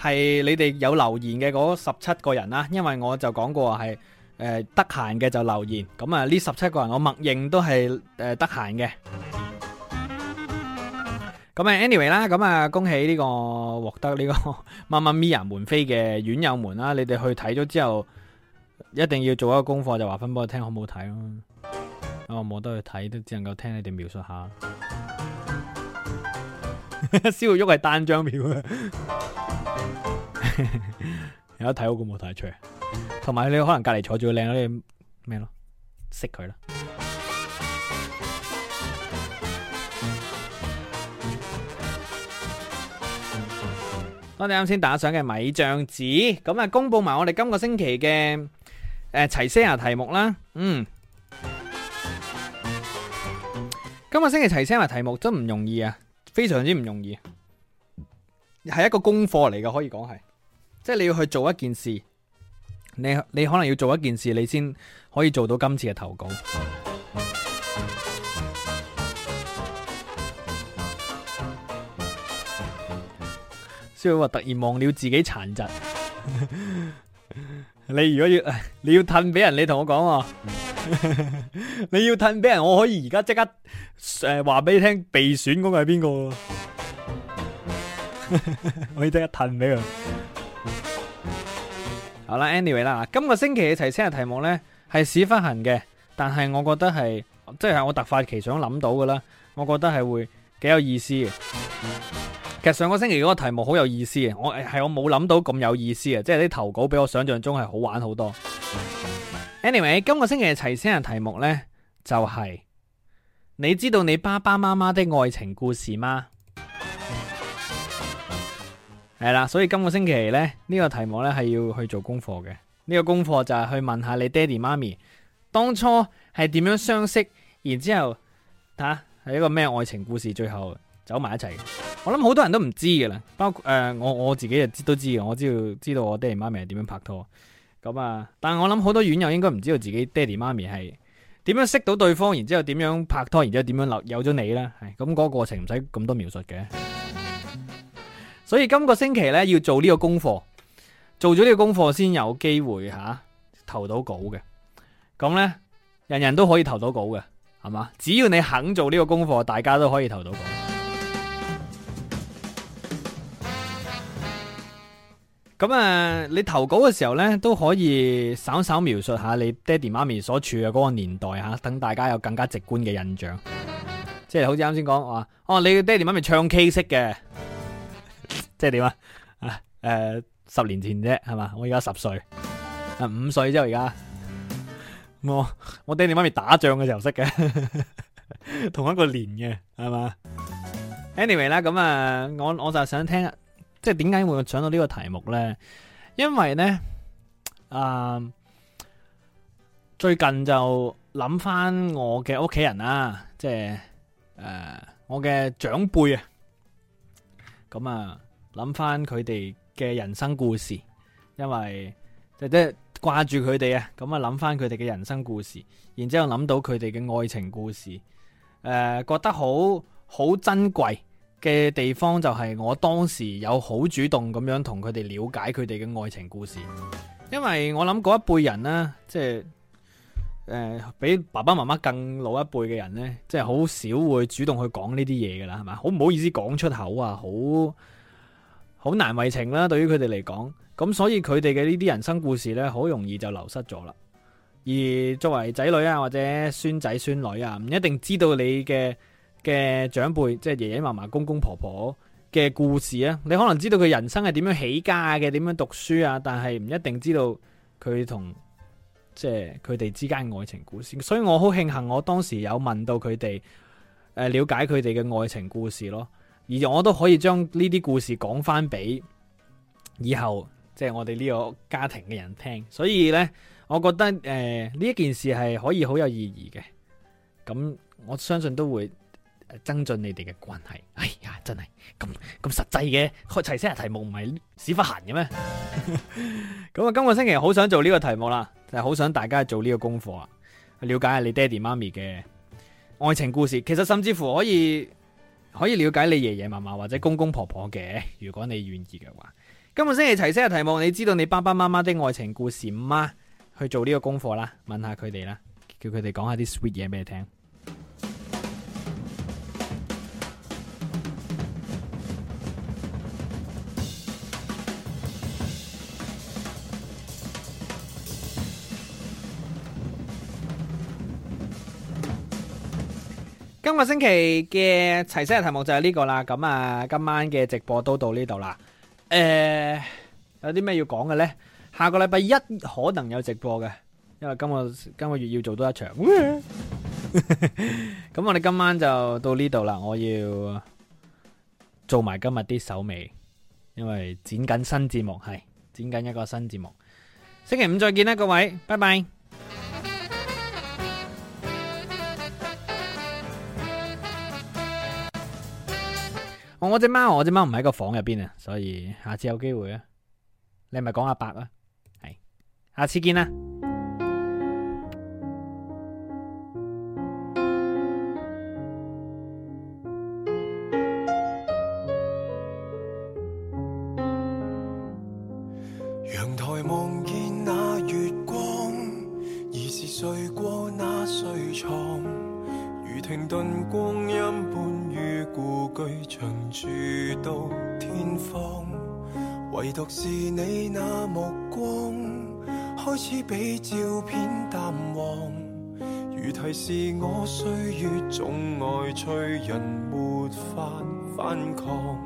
係你哋有留言嘅嗰十七個人啦，因為我就講過係誒得閒嘅就留言，咁啊呢十七個人我默認都係誒得閒嘅。咁啊，anyway 啦，咁啊，恭喜呢個獲得呢個《媽媽 Mia》門飛嘅院友們啦，你哋去睇咗之後，一定要做一個功課，啊，就話分俾我聽，好唔好睇咯？我冇得去睇，都只能夠聽你哋描述下。肖旭係單張票啊！ 有得睇好過冇睇出出，同埋你可能隔籬坐住個靚女咩咯？你識佢啦。我哋啱先打響嘅米醬紙，咁啊，公布埋我哋今個星期嘅誒齊聲啊題目啦。嗯，今個星期齊聲啊題目真唔容易啊，非常之唔容易，係一個功課嚟嘅，可以講係，即係你要去做一件事，你你可能要做一件事，你先可以做到今次嘅投稿。最好話突然忘了自己殘疾。 你如果要，你要褪俾人，你同我講， 你要褪俾人，我可以而家即刻誒話俾你聽，被選嗰個係邊個？ 我可以即刻褪俾佢。好啦，anyway 啦，今個星期嘅齊聲日題目呢係屎忽痕嘅，但係我覺得係即係我突發奇想諗到噶啦，我覺得係會幾有意思。其實上個星期嗰個題目好有意思嘅，我係我冇諗到咁有意思嘅，即係啲投稿比我想象中係好玩好多。Anyway，今個星期嘅提醒嘅題目呢，就係、是、你知道你爸爸媽媽的愛情故事嗎？係啦，所以今個星期呢，呢、這個題目呢係要去做功課嘅。呢、這個功課就係去問下你爹哋媽咪當初係點樣相識，然之後吓係一個咩愛情故事，最後走埋一齊。我諗好多人都唔知嘅啦，包括誒、呃，我我自己都知嘅。我知道知道我爹哋媽咪係點樣拍拖，咁啊。但係我諗好多院友應該唔知道自己爹哋媽咪係點樣識到對方，然之後點樣拍拖，然之後點樣有咗你啦。咁嗰個過程唔使咁多描述嘅。所以今個星期呢要做呢個功課，做咗呢個功課先有機會吓、啊、投到稿嘅。咁呢人人都可以投到稿嘅，係嘛？只要你肯做呢個功課，大家都可以投到稿。咁啊，你投稿嘅時候咧，都可以稍稍描述下你爹哋媽咪所處嘅嗰個年代吓，等大家有更加直觀嘅印象。即係好似啱先講話，哦，你爹哋媽咪唱 K 識嘅， 即係點啊？誒、啊呃，十年前啫，係嘛？我而家十歲，啊五歲啫，我而家。我我爹哋媽咪打仗嘅時候識嘅， 同一個年嘅，係嘛？Anyway 啦，咁啊，我我就想聽即係點解會講到呢個題目咧？因為咧，啊、呃，最近就諗翻我嘅屋企人啦、啊，即係誒、呃，我嘅長輩啊，咁啊諗翻佢哋嘅人生故事，因為就即係掛住佢哋啊，咁啊諗翻佢哋嘅人生故事，然之後諗到佢哋嘅愛情故事，誒、呃，覺得好好珍貴。嘅地方就係我當時有好主動咁樣同佢哋了解佢哋嘅愛情故事，因為我諗嗰一輩人呢，即係、呃、比爸爸媽媽更老一輩嘅人呢，即係好少會主動去講呢啲嘢噶啦，係咪？好唔好意思講出口啊，好好難為情啦，對於佢哋嚟講，咁所以佢哋嘅呢啲人生故事呢，好容易就流失咗啦。而作為仔女啊或者孫仔孫女啊，唔一定知道你嘅。嘅長輩，即係爺爺嫲嫲、公公婆婆嘅故事啊！你可能知道佢人生係點樣起家嘅，點樣讀書啊，但係唔一定知道佢同即係佢哋之間愛情故事。所以我好慶幸我當時有問到佢哋，誒、呃、了解佢哋嘅愛情故事咯，而我都可以將呢啲故事講翻俾以後即係、就是、我哋呢個家庭嘅人聽。所以呢，我覺得誒呢一件事係可以好有意義嘅。咁我相信都會。增進你哋嘅關係，哎呀，真係咁咁實際嘅，開齊先日題目唔係屎忽閒嘅咩？咁啊，今個星期好想做呢個題目啦，就係、是、好想大家做呢個功課啊，去了解下你爹哋媽咪嘅愛情故事，其實甚至乎可以可以了解你爺爺嫲嫲或者公公婆婆嘅，如果你願意嘅話，今個星期齊先日題目，你知道你爸爸媽媽的愛情故事五嗎？去做呢個功課啦，問下佢哋啦，叫佢哋講下啲 sweet 嘢俾你聽。今個星期嘅齊聲題目就係呢個啦，咁啊今晚嘅直播都到呢度啦。誒，有啲咩要講嘅呢？下個禮拜一可能有直播嘅，因為今個今個月要做多一場。咁我哋今晚就到呢度啦，我要做埋今日啲手尾，因為剪緊新節目，係，剪緊一個新節目。星期五再見啦，各位，拜拜。我隻貓，我隻貓唔喺個房入邊啊，所以下次有機會啊，你咪講阿伯啊，係，下次見啦。唯獨是你那目光，開始比照片淡黃。如提示我，歲月總愛催人沒法反抗。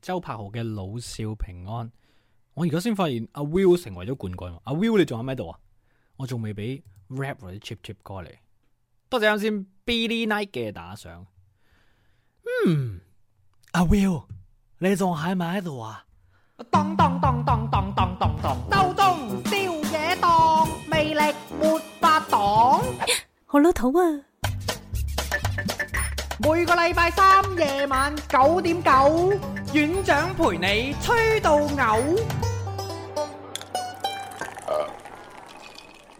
周柏豪嘅老少平安，我而家先發現阿 Will 成為咗冠軍。阿 Will 你仲喺咪度啊？我仲未俾 rapper 或者 cheap cheap 過嚟。多謝啱先 Billy Knight 嘅打賞。嗯，阿 Will 你仲喺咪喺度啊？當當當當當當當，刀中宵夜檔，魅力沒法擋。好老土啊！每個禮拜三夜晚九點九，院長陪你吹到嘔。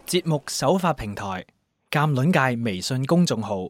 節目首發平台：鑑論界微信公眾號。